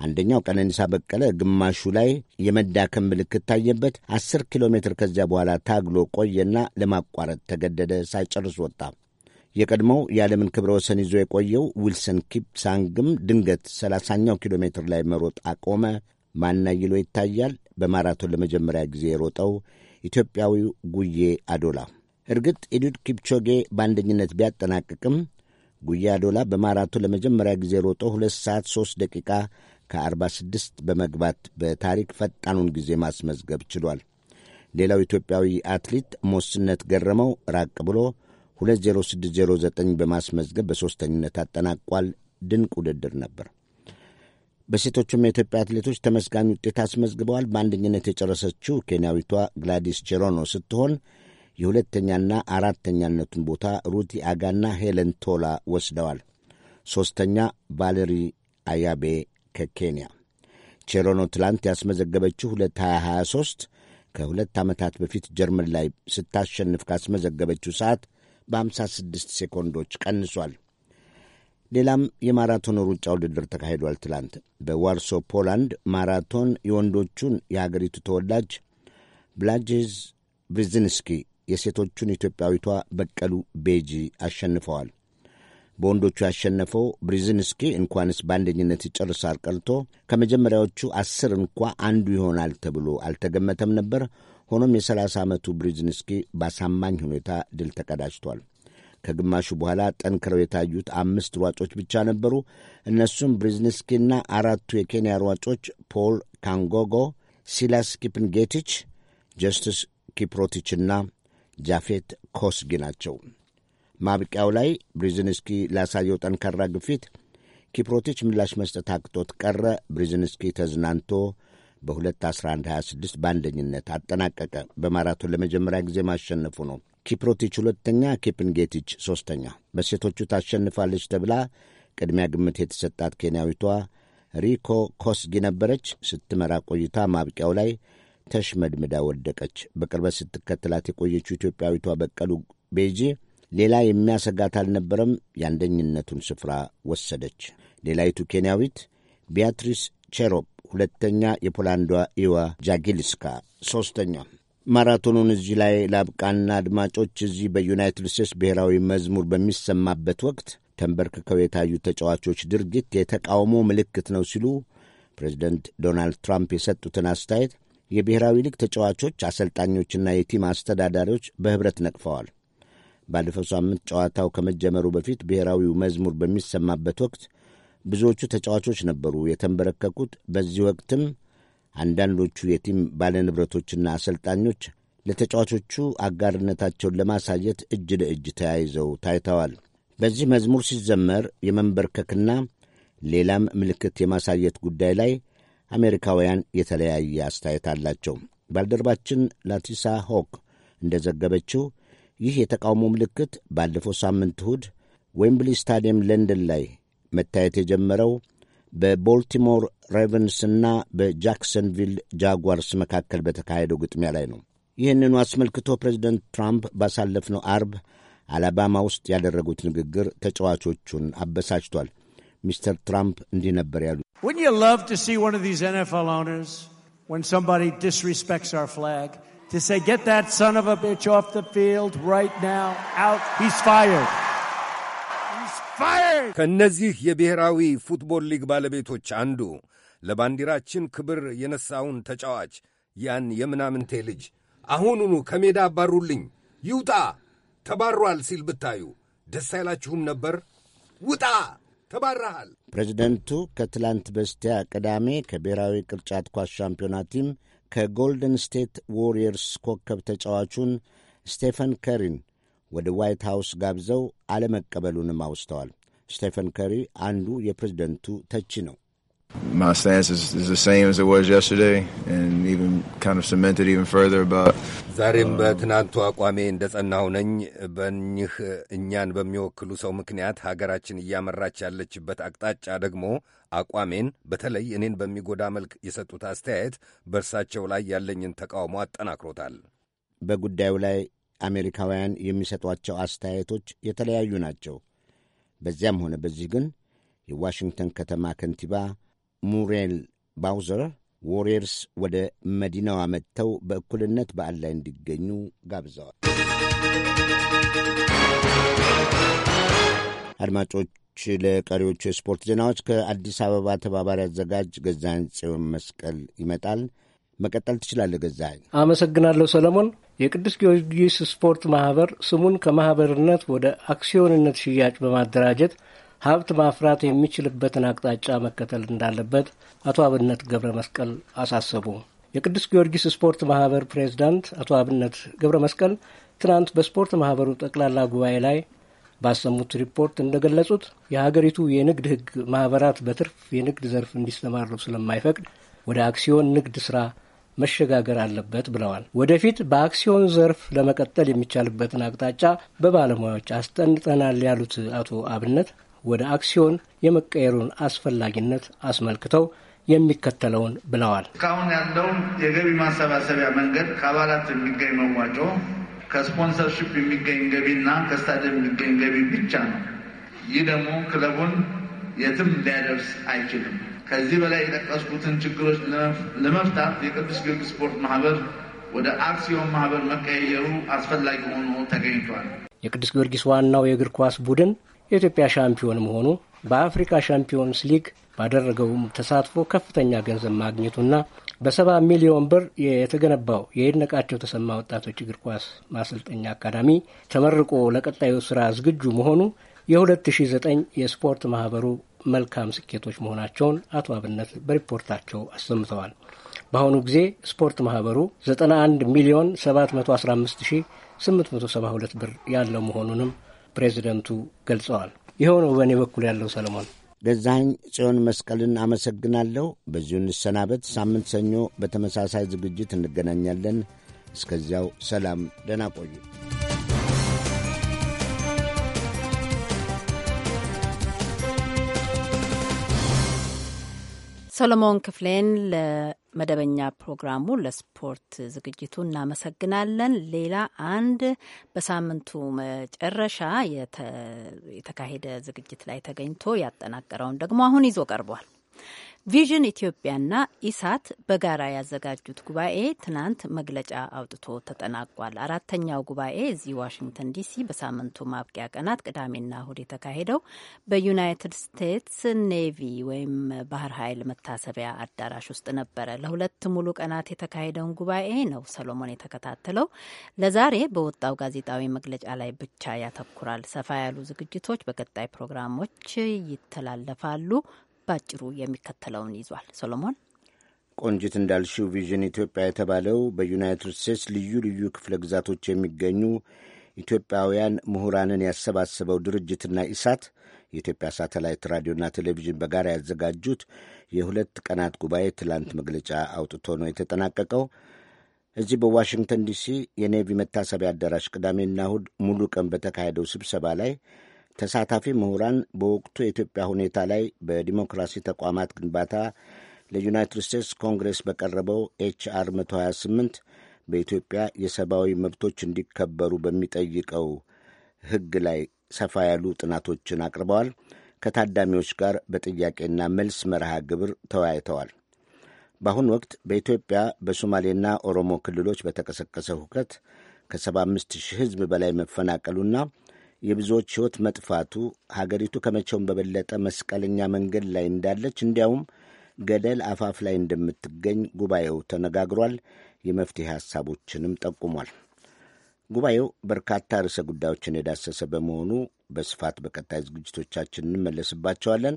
አንደኛው ቀነኒሳ በቀለ ግማሹ ላይ የመዳከም ምልክት ታየበት። አስር ኪሎ ሜትር ከዚያ በኋላ ታግሎ ቆየና ለማቋረጥ ተገደደ። ሳይጨርስ ወጣ። የቀድሞው የዓለምን ክብረ ወሰን ይዞ የቆየው ዊልሰን ኪፕሳንግም ድንገት ሰላሳኛው ኪሎ ሜትር ላይ መሮጥ አቆመ። ማናይሎ ይታያል። በማራቶን ለመጀመሪያ ጊዜ የሮጠው ኢትዮጵያዊው ጉዬ አዶላ። እርግጥ ኤዱድ ኪፕቾጌ በአንደኝነት ቢያጠናቅቅም ጉዬ አዶላ በማራቶን ለመጀመሪያ ጊዜ ሮጦ 2 ሰዓት 3 ደቂቃ ከ46 በመግባት በታሪክ ፈጣኑን ጊዜ ማስመዝገብ ችሏል። ሌላው ኢትዮጵያዊ አትሌት ሞስነት ገረመው ራቅ ብሎ 20609 በማስመዝገብ በሦስተኝነት አጠናቋል። ድንቅ ውድድር ነበር። በሴቶቹም የኢትዮጵያ አትሌቶች ተመስጋኝ ውጤት አስመዝግበዋል። በአንደኝነት የጨረሰችው ኬንያዊቷ ግላዲስ ቼሮኖ ስትሆን የሁለተኛና አራተኛነቱን ቦታ ሩቲ አጋና ሄለን ቶላ ወስደዋል። ሦስተኛ ቫሌሪ አያቤ ከኬንያ ቼሮኖ ትላንት ያስመዘገበችው 223 ከሁለት ዓመታት በፊት ጀርመን ላይ ስታሸንፍ ካስመዘገበችው ሰዓት በ56 ሴኮንዶች ቀንሷል። ሌላም የማራቶን ሩጫ ውድድር ተካሂዷል። ትላንት በዋርሶ ፖላንድ ማራቶን የወንዶቹን የሀገሪቱ ተወላጅ ብላጅዝ ብሪዝንስኪ፣ የሴቶቹን ኢትዮጵያዊቷ በቀሉ ቤጂ አሸንፈዋል። በወንዶቹ ያሸነፈው ብሪዝንስኪ እንኳንስ በአንደኝነት ይጨርሳል ቀርቶ ከመጀመሪያዎቹ አስር እንኳ አንዱ ይሆናል ተብሎ አልተገመተም ነበር። ሆኖም የ30 ዓመቱ ብሪዝንስኪ በአሳማኝ ሁኔታ ድል ተቀዳጅቷል። ከግማሹ በኋላ ጠንክረው የታዩት አምስት ሯጮች ብቻ ነበሩ። እነሱም ብሪዝንስኪና አራቱ የኬንያ ሯጮች ፖል ካንጎጎ፣ ሲላስ ኪፕንጌቲች፣ ጀስትስ ኪፕሮቲችና ጃፌት ኮስጊ ናቸው። ማብቂያው ላይ ብሪዝንስኪ ላሳየው ጠንካራ ግፊት ኪፕሮቲች ምላሽ መስጠት አቅቶት ቀረ። ብሪዝንስኪ ተዝናንቶ በ21126 በአንደኝነት አጠናቀቀ። በማራቶን ለመጀመሪያ ጊዜ ማሸነፉ ነው። ኪፕሮቲች ሁለተኛ፣ ኬፕንጌቲች ሦስተኛ። በሴቶቹ ታሸንፋለች ተብላ ቅድሚያ ግምት የተሰጣት ኬንያዊቷ ሪኮ ኮስጊ ነበረች። ስትመራ ቆይታ ማብቂያው ላይ ተሽመድምዳ ወደቀች። በቅርበት ስትከተላት የቆየችው ኢትዮጵያዊቷ በቀሉ ቤጂ ሌላ የሚያሰጋት አልነበረም። የአንደኝነቱን ስፍራ ወሰደች። ሌላይቱ ኬንያዊት ቢያትሪስ ቼሮፕ ሁለተኛ፣ የፖላንዷ ኢዋ ጃጊልስካ ሦስተኛ። ማራቶኑን እዚህ ላይ ላብቃና አድማጮች፣ እዚህ በዩናይትድ ስቴትስ ብሔራዊ መዝሙር በሚሰማበት ወቅት ተንበርክከው የታዩ ተጫዋቾች ድርጊት የተቃውሞ ምልክት ነው ሲሉ ፕሬዚደንት ዶናልድ ትራምፕ የሰጡትን አስተያየት የብሔራዊ ሊግ ተጫዋቾች፣ አሰልጣኞችና የቲም አስተዳዳሪዎች በኅብረት ነቅፈዋል። ባለፈው ሳምንት ጨዋታው ከመጀመሩ በፊት ብሔራዊው መዝሙር በሚሰማበት ወቅት ብዙዎቹ ተጫዋቾች ነበሩ የተንበረከኩት። በዚህ ወቅትም አንዳንዶቹ የቲም ባለንብረቶችና አሰልጣኞች ለተጫዋቾቹ አጋርነታቸውን ለማሳየት እጅ ለእጅ ተያይዘው ታይተዋል። በዚህ መዝሙር ሲዘመር የመንበርከክና ሌላም ምልክት የማሳየት ጉዳይ ላይ አሜሪካውያን የተለያየ አስተያየት አላቸው። ባልደረባችን ላቲሳ ሆክ እንደዘገበችው ይህ የተቃውሞ ምልክት ባለፈው ሳምንት እሁድ ዌምብሊ ስታዲየም ለንደን ላይ መታየት የጀመረው በቦልቲሞር ሬቨንስና በጃክሰንቪል ጃጓርስ መካከል በተካሄደው ግጥሚያ ላይ ነው። ይህንኑ አስመልክቶ ፕሬዚደንት ትራምፕ ባሳለፍነው አርብ አላባማ ውስጥ ያደረጉት ንግግር ተጫዋቾቹን አበሳጭቷል። ሚስተር ትራምፕ እንዲህ ነበር ያሉት። Wouldn't you love to see ን of these NFL owners when somebody disrespects our flag? to say, get that son of a bitch off the field right now. Out. He's fired. He's fired. ከእነዚህ የብሔራዊ ፉትቦል ሊግ ባለቤቶች አንዱ ለባንዲራችን ክብር የነሳውን ተጫዋች ያን የምናምንቴ ልጅ አሁኑኑ ከሜዳ አባሩልኝ፣ ይውጣ፣ ተባሯል ሲል ብታዩ ደስ አይላችሁም ነበር? ውጣ፣ ተባረሃል። ፕሬዚደንቱ ከትላንት በስቲያ ቅዳሜ ከብሔራዊ ቅርጫት ኳስ ሻምፒዮና ቲም ከጎልደን ስቴት ዎሪየርስ ኮከብ ተጫዋቹን ስቴፈን ከሪን ወደ ዋይት ሃውስ ጋብዘው አለመቀበሉንም አውስተዋል። ስቴፈን ከሪ አንዱ የፕሬዝደንቱ ተቺ ነው። My stance is, is the same as it was yesterday and even kind of cemented even further about ዛሬም um, በትናንቱ አቋሜ እንደ ጸናሁ ነኝ። በእኚህ እኛን በሚወክሉ ሰው ምክንያት ሀገራችን እያመራች ያለችበት አቅጣጫ ደግሞ አቋሜን በተለይ እኔን በሚጎዳ መልክ የሰጡት አስተያየት በእርሳቸው ላይ ያለኝን ተቃውሞ አጠናክሮታል። በጉዳዩ ላይ አሜሪካውያን የሚሰጧቸው አስተያየቶች የተለያዩ ናቸው። በዚያም ሆነ በዚህ ግን የዋሽንግተን ከተማ ከንቲባ ሙሬል ባውዘር ዎሪየርስ ወደ መዲናዋ መጥተው በእኩልነት በዓል ላይ እንዲገኙ ጋብዘዋል። አድማጮች፣ ለቀሪዎቹ የስፖርት ዜናዎች ከአዲስ አበባ ተባባሪ አዘጋጅ ገዛኸኝ ጽዮን መስቀል ይመጣል። መቀጠል ትችላለህ ገዛኸኝ። አመሰግናለሁ ሰለሞን። የቅዱስ ጊዮርጊስ ስፖርት ማህበር ስሙን ከማህበርነት ወደ አክሲዮንነት ሽያጭ በማደራጀት ሀብት ማፍራት የሚችልበትን አቅጣጫ መከተል እንዳለበት አቶ አብነት ገብረ መስቀል አሳሰቡ። የቅዱስ ጊዮርጊስ ስፖርት ማህበር ፕሬዝዳንት አቶ አብነት ገብረ መስቀል ትናንት በስፖርት ማህበሩ ጠቅላላ ጉባኤ ላይ ባሰሙት ሪፖርት እንደገለጹት የሀገሪቱ የንግድ ሕግ ማህበራት በትርፍ የንግድ ዘርፍ እንዲሰማሩ ስለማይፈቅድ ወደ አክሲዮን ንግድ ስራ መሸጋገር አለበት ብለዋል። ወደፊት በአክሲዮን ዘርፍ ለመቀጠል የሚቻልበትን አቅጣጫ በባለሙያዎች አስጠንጠናል ያሉት አቶ አብነት ወደ አክሲዮን የመቀየሩን አስፈላጊነት አስመልክተው የሚከተለውን ብለዋል። እስካሁን ያለውን የገቢ ማሰባሰቢያ መንገድ ከአባላት የሚገኝ መዋጮ፣ ከስፖንሰርሽፕ የሚገኝ ገቢና ከስታዲየም የሚገኝ ገቢ ብቻ ነው። ይህ ደግሞ ክለቡን የትም ሊያደርስ አይችልም። ከዚህ በላይ የጠቀስኩትን ችግሮች ለመፍታት የቅዱስ ጊዮርጊስ ስፖርት ማህበር ወደ አክሲዮን ማህበር መቀየሩ አስፈላጊ ሆኖ ተገኝቷል። የቅዱስ ጊዮርጊስ ዋናው የእግር ኳስ ቡድን የኢትዮጵያ ሻምፒዮን መሆኑ በአፍሪካ ሻምፒዮንስ ሊግ ባደረገውም ተሳትፎ ከፍተኛ ገንዘብ ማግኘቱና በሰባ ሚሊዮን ብር የተገነባው የይድነቃቸው ተሰማ ወጣቶች እግር ኳስ ማሰልጠኛ አካዳሚ ተመርቆ ለቀጣዩ ስራ ዝግጁ መሆኑ የ2009 የስፖርት ማህበሩ መልካም ስኬቶች መሆናቸውን አቶ አብነት በሪፖርታቸው አሰምተዋል። በአሁኑ ጊዜ ስፖርት ማህበሩ 91 ሚሊዮን 715 872 ብር ያለው መሆኑንም ፕሬዚደንቱ ገልጸዋል። ይኸው ነው በእኔ በኩል ያለው። ሰለሞን ገዛኸኝ ጽዮን መስቀልን አመሰግናለሁ። በዚሁ እንሰናበት። ሳምንት ሰኞ በተመሳሳይ ዝግጅት እንገናኛለን። እስከዚያው ሰላም፣ ደህና ቆዩ። ሰሎሞን ክፍሌን መደበኛ ፕሮግራሙ ለስፖርት ዝግጅቱ እናመሰግናለን። ሌላ አንድ በሳምንቱ መጨረሻ የተካሄደ ዝግጅት ላይ ተገኝቶ ያጠናቀረውን ደግሞ አሁን ይዞ ቀርቧል። ቪዥን ኢትዮጵያና ኢሳት በጋራ ያዘጋጁት ጉባኤ ትናንት መግለጫ አውጥቶ ተጠናቋል። አራተኛው ጉባኤ እዚህ ዋሽንግተን ዲሲ በሳምንቱ ማብቂያ ቀናት ቅዳሜና እሁድ የተካሄደው በዩናይትድ ስቴትስ ኔቪ ወይም ባህር ኃይል መታሰቢያ አዳራሽ ውስጥ ነበረ። ለሁለት ሙሉ ቀናት የተካሄደውን ጉባኤ ነው ሰሎሞን የተከታተለው። ለዛሬ በወጣው ጋዜጣዊ መግለጫ ላይ ብቻ ያተኩራል። ሰፋ ያሉ ዝግጅቶች በቀጣይ ፕሮግራሞች ይተላለፋሉ። ባጭሩ የሚከተለውን ይዟል። ሶሎሞን ቆንጅት እንዳልሽው ቪዥን ኢትዮጵያ የተባለው በዩናይትድ ስቴትስ ልዩ ልዩ ክፍለ ግዛቶች የሚገኙ ኢትዮጵያውያን ምሁራንን ያሰባሰበው ድርጅትና ኢሳት የኢትዮጵያ ሳተላይት ራዲዮና ቴሌቪዥን በጋራ ያዘጋጁት የሁለት ቀናት ጉባኤ ትላንት መግለጫ አውጥቶ ነው የተጠናቀቀው። እዚህ በዋሽንግተን ዲሲ የኔቪ መታሰቢያ አዳራሽ ቅዳሜና እሁድ ሙሉ ቀን በተካሄደው ስብሰባ ላይ ተሳታፊ ምሁራን በወቅቱ የኢትዮጵያ ሁኔታ ላይ በዲሞክራሲ ተቋማት ግንባታ ለዩናይትድ ስቴትስ ኮንግሬስ በቀረበው አር 128 በኢትዮጵያ የሰብአዊ መብቶች እንዲከበሩ በሚጠይቀው ሕግ ላይ ሰፋ ያሉ ጥናቶችን አቅርበዋል። ከታዳሚዎች ጋር በጥያቄና መልስ መርሃ ግብር ተወያይተዋል። በአሁኑ ወቅት በኢትዮጵያ በሶማሌና ኦሮሞ ክልሎች በተቀሰቀሰ ሁከት ከ75 ሺህ ሕዝብ በላይ መፈናቀሉና የብዙዎች ሕይወት መጥፋቱ ሀገሪቱ ከመቼውም በበለጠ መስቀለኛ መንገድ ላይ እንዳለች እንዲያውም ገደል አፋፍ ላይ እንደምትገኝ ጉባኤው ተነጋግሯል። የመፍትሄ ሐሳቦችንም ጠቁሟል። ጉባኤው በርካታ ርዕሰ ጉዳዮችን የዳሰሰ በመሆኑ በስፋት በቀጣይ ዝግጅቶቻችን እንመለስባቸዋለን።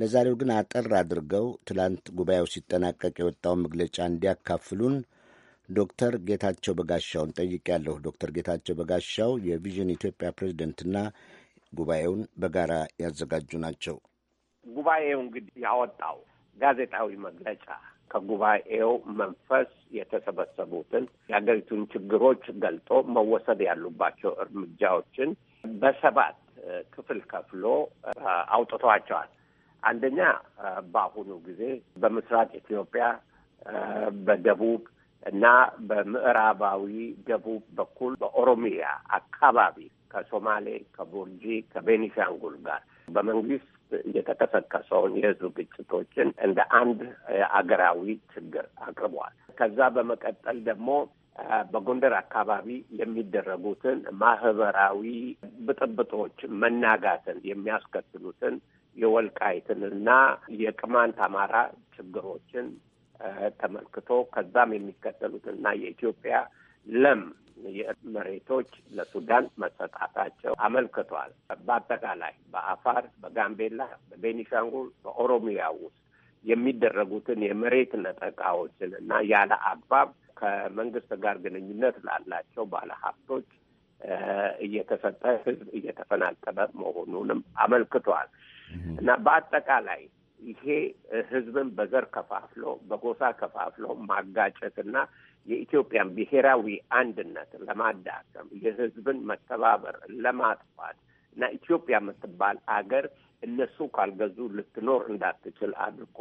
ለዛሬው ግን አጠር አድርገው ትላንት ጉባኤው ሲጠናቀቅ የወጣውን መግለጫ እንዲያካፍሉን ዶክተር ጌታቸው በጋሻውን ጠይቄያለሁ። ዶክተር ጌታቸው በጋሻው የቪዥን ኢትዮጵያ ፕሬዝደንትና ጉባኤውን በጋራ ያዘጋጁ ናቸው። ጉባኤው እንግዲህ ያወጣው ጋዜጣዊ መግለጫ ከጉባኤው መንፈስ የተሰበሰቡትን የሀገሪቱን ችግሮች ገልጦ መወሰድ ያሉባቸው እርምጃዎችን በሰባት ክፍል ከፍሎ አውጥተዋቸዋል። አንደኛ በአሁኑ ጊዜ በምስራቅ ኢትዮጵያ፣ በደቡብ እና በምዕራባዊ ደቡብ በኩል በኦሮሚያ አካባቢ ከሶማሌ፣ ከቡርጂ፣ ከቤኒሻንጉል ጋር በመንግስት የተቀሰቀሰውን የህዝብ ግጭቶችን እንደ አንድ አገራዊ ችግር አቅርቧል። ከዛ በመቀጠል ደግሞ በጎንደር አካባቢ የሚደረጉትን ማህበራዊ ብጥብጦች መናጋትን የሚያስከትሉትን የወልቃይትንና የቅማንት አማራ ችግሮችን ተመልክቶ ከዛም የሚከተሉትና የኢትዮጵያ ለም መሬቶች ለሱዳን መሰጣታቸው አመልክቷል። በአጠቃላይ በአፋር፣ በጋምቤላ፣ በቤኒሻንጉል፣ በኦሮሚያ ውስጥ የሚደረጉትን የመሬት ነጠቃዎችን እና ያለ አግባብ ከመንግስት ጋር ግንኙነት ላላቸው ባለሀብቶች እየተሰጠ ህዝብ እየተፈናቀለ መሆኑንም አመልክቷል እና በአጠቃላይ ይሄ ህዝብን በዘር ከፋፍሎ በጎሳ ከፋፍሎ ማጋጨትና የኢትዮጵያን ብሔራዊ አንድነት ለማዳከም የህዝብን መተባበር ለማጥፋት እና ኢትዮጵያ የምትባል አገር እነሱ ካልገዙ ልትኖር እንዳትችል አድርጎ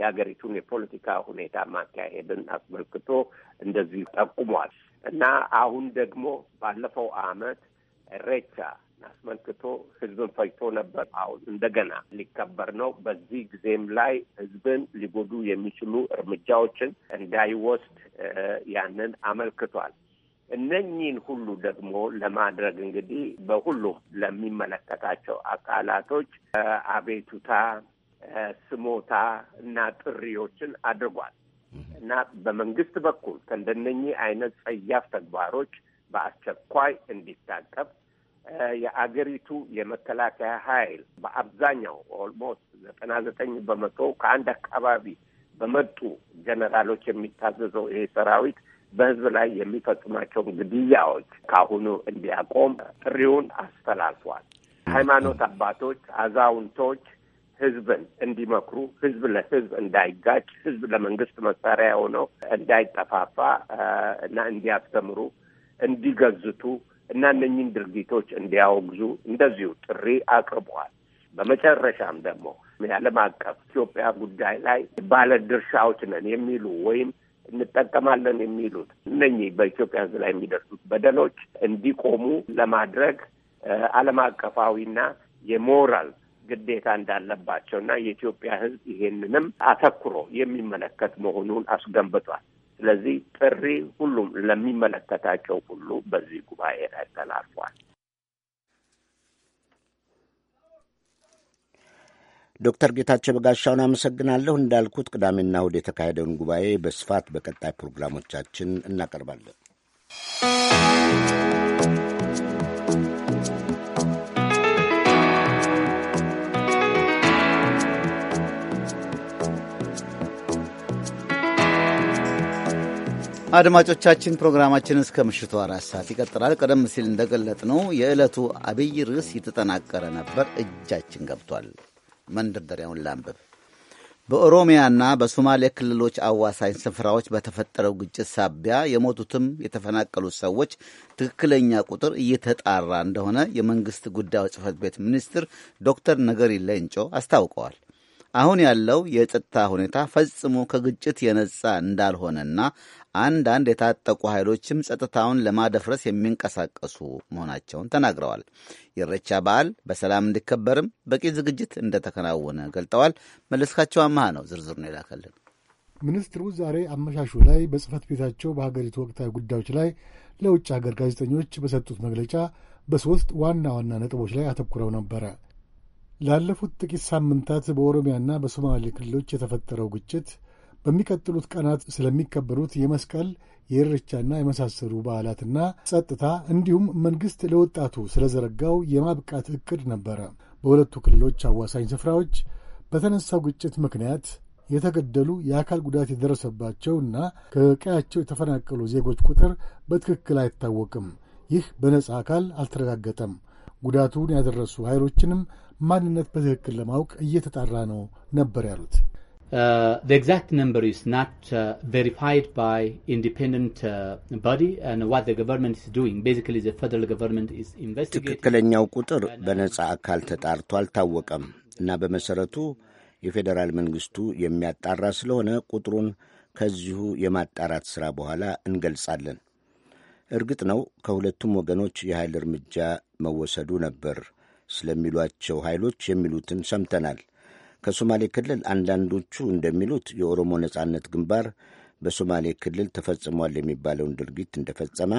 የሀገሪቱን የፖለቲካ ሁኔታ ማካሄድን አስመልክቶ እንደዚህ ጠቁሟል እና አሁን ደግሞ ባለፈው አመት ሬቻ አስመልክቶ ህዝብን ፈጅቶ ነበር። አሁን እንደገና ሊከበር ነው። በዚህ ጊዜም ላይ ህዝብን ሊጎዱ የሚችሉ እርምጃዎችን እንዳይወስድ ያንን አመልክቷል። እነኚህን ሁሉ ደግሞ ለማድረግ እንግዲህ በሁሉም ለሚመለከታቸው አካላቶች አቤቱታ፣ ስሞታ እና ጥሪዎችን አድርጓል እና በመንግስት በኩል ከእንደነኚህ አይነት ጸያፍ ተግባሮች በአስቸኳይ እንዲታቀብ የአገሪቱ የመከላከያ ኃይል በአብዛኛው ኦልሞስት ዘጠና ዘጠኝ በመቶ ከአንድ አካባቢ በመጡ ጀነራሎች የሚታዘዘው ይሄ ሰራዊት በህዝብ ላይ የሚፈጽማቸውን ግድያዎች ካሁኑ እንዲያቆም ጥሪውን አስተላልፏል። ሃይማኖት አባቶች፣ አዛውንቶች ህዝብን እንዲመክሩ፣ ህዝብ ለህዝብ እንዳይጋጭ፣ ህዝብ ለመንግስት መሳሪያ የሆነው እንዳይጠፋፋ እና እንዲያስተምሩ እንዲገዝቱ እና እነኝን ድርጊቶች እንዲያወግዙ እንደዚሁ ጥሪ አቅርበዋል። በመጨረሻም ደግሞ የዓለም አቀፍ ኢትዮጵያ ጉዳይ ላይ ባለድርሻዎች ነን የሚሉ ወይም እንጠቀማለን የሚሉት እነኚህ በኢትዮጵያ ሕዝብ ላይ የሚደርሱት በደሎች እንዲቆሙ ለማድረግ ዓለም አቀፋዊና የሞራል ግዴታ እንዳለባቸውና የኢትዮጵያ ሕዝብ ይሄንንም አተኩሮ የሚመለከት መሆኑን አስገንብቷል። ስለዚህ ጥሪ ሁሉም ለሚመለከታቸው ሁሉ በዚህ ጉባኤ ላይ ተላልፏል። ዶክተር ጌታቸው በጋሻውን አመሰግናለሁ። እንዳልኩት ቅዳሜና እሁድ የተካሄደውን ጉባኤ በስፋት በቀጣይ ፕሮግራሞቻችን እናቀርባለን። አድማጮቻችን ፕሮግራማችን እስከ ምሽቱ አራት ሰዓት ይቀጥላል። ቀደም ሲል እንደገለጥ ነው የዕለቱ አብይ ርዕስ የተጠናቀረ ነበር፣ እጃችን ገብቷል። መንደርደሪያውን ላንብብ። በኦሮሚያና በሶማሌ ክልሎች አዋሳኝ ስፍራዎች በተፈጠረው ግጭት ሳቢያ የሞቱትም የተፈናቀሉት ሰዎች ትክክለኛ ቁጥር እየተጣራ እንደሆነ የመንግሥት ጉዳዩ ጽሕፈት ቤት ሚኒስትር ዶክተር ነገሪ ሌንጮ አስታውቀዋል። አሁን ያለው የጸጥታ ሁኔታ ፈጽሞ ከግጭት የነጻ እንዳልሆነና አንዳንድ የታጠቁ ኃይሎችም ጸጥታውን ለማደፍረስ የሚንቀሳቀሱ መሆናቸውን ተናግረዋል። የረቻ በዓል በሰላም እንዲከበርም በቂ ዝግጅት እንደተከናወነ ገልጠዋል። መለስካቸው አመሃ ነው ዝርዝሩን የላከልን። ሚኒስትሩ ዛሬ አመሻሹ ላይ በጽህፈት ቤታቸው በሀገሪቱ ወቅታዊ ጉዳዮች ላይ ለውጭ ሀገር ጋዜጠኞች በሰጡት መግለጫ በሦስት ዋና ዋና ነጥቦች ላይ አተኩረው ነበረ። ላለፉት ጥቂት ሳምንታት በኦሮሚያና በሶማሌ ክልሎች የተፈጠረው ግጭት በሚቀጥሉት ቀናት ስለሚከበሩት የመስቀል የእርቻና የመሳሰሉ በዓላትና ጸጥታ እንዲሁም መንግሥት ለወጣቱ ስለዘረጋው የማብቃት ዕቅድ ነበረ። በሁለቱ ክልሎች አዋሳኝ ስፍራዎች በተነሳው ግጭት ምክንያት የተገደሉ የአካል ጉዳት የደረሰባቸውና ከቀያቸው የተፈናቀሉ ዜጎች ቁጥር በትክክል አይታወቅም። ይህ በነጻ አካል አልተረጋገጠም። ጉዳቱን ያደረሱ ኃይሎችንም ማንነት በትክክል ለማወቅ እየተጣራ ነው ነበር ያሉት Uh, the exact number is not uh, verified by independent uh, body and what the government is doing. Basically, the federal government is investigating. ትክክለኛው ቁጥር በነጻ አካል ተጣርቶ አልታወቀም እና በመሰረቱ የፌዴራል መንግስቱ የሚያጣራ ስለሆነ ቁጥሩን ከዚሁ የማጣራት ሥራ በኋላ እንገልጻለን። እርግጥ ነው ከሁለቱም ወገኖች የኃይል እርምጃ መወሰዱ ነበር ስለሚሏቸው ኃይሎች የሚሉትን ሰምተናል። ከሶማሌ ክልል አንዳንዶቹ እንደሚሉት የኦሮሞ ነጻነት ግንባር በሶማሌ ክልል ተፈጽሟል የሚባለውን ድርጊት እንደፈጸመ፣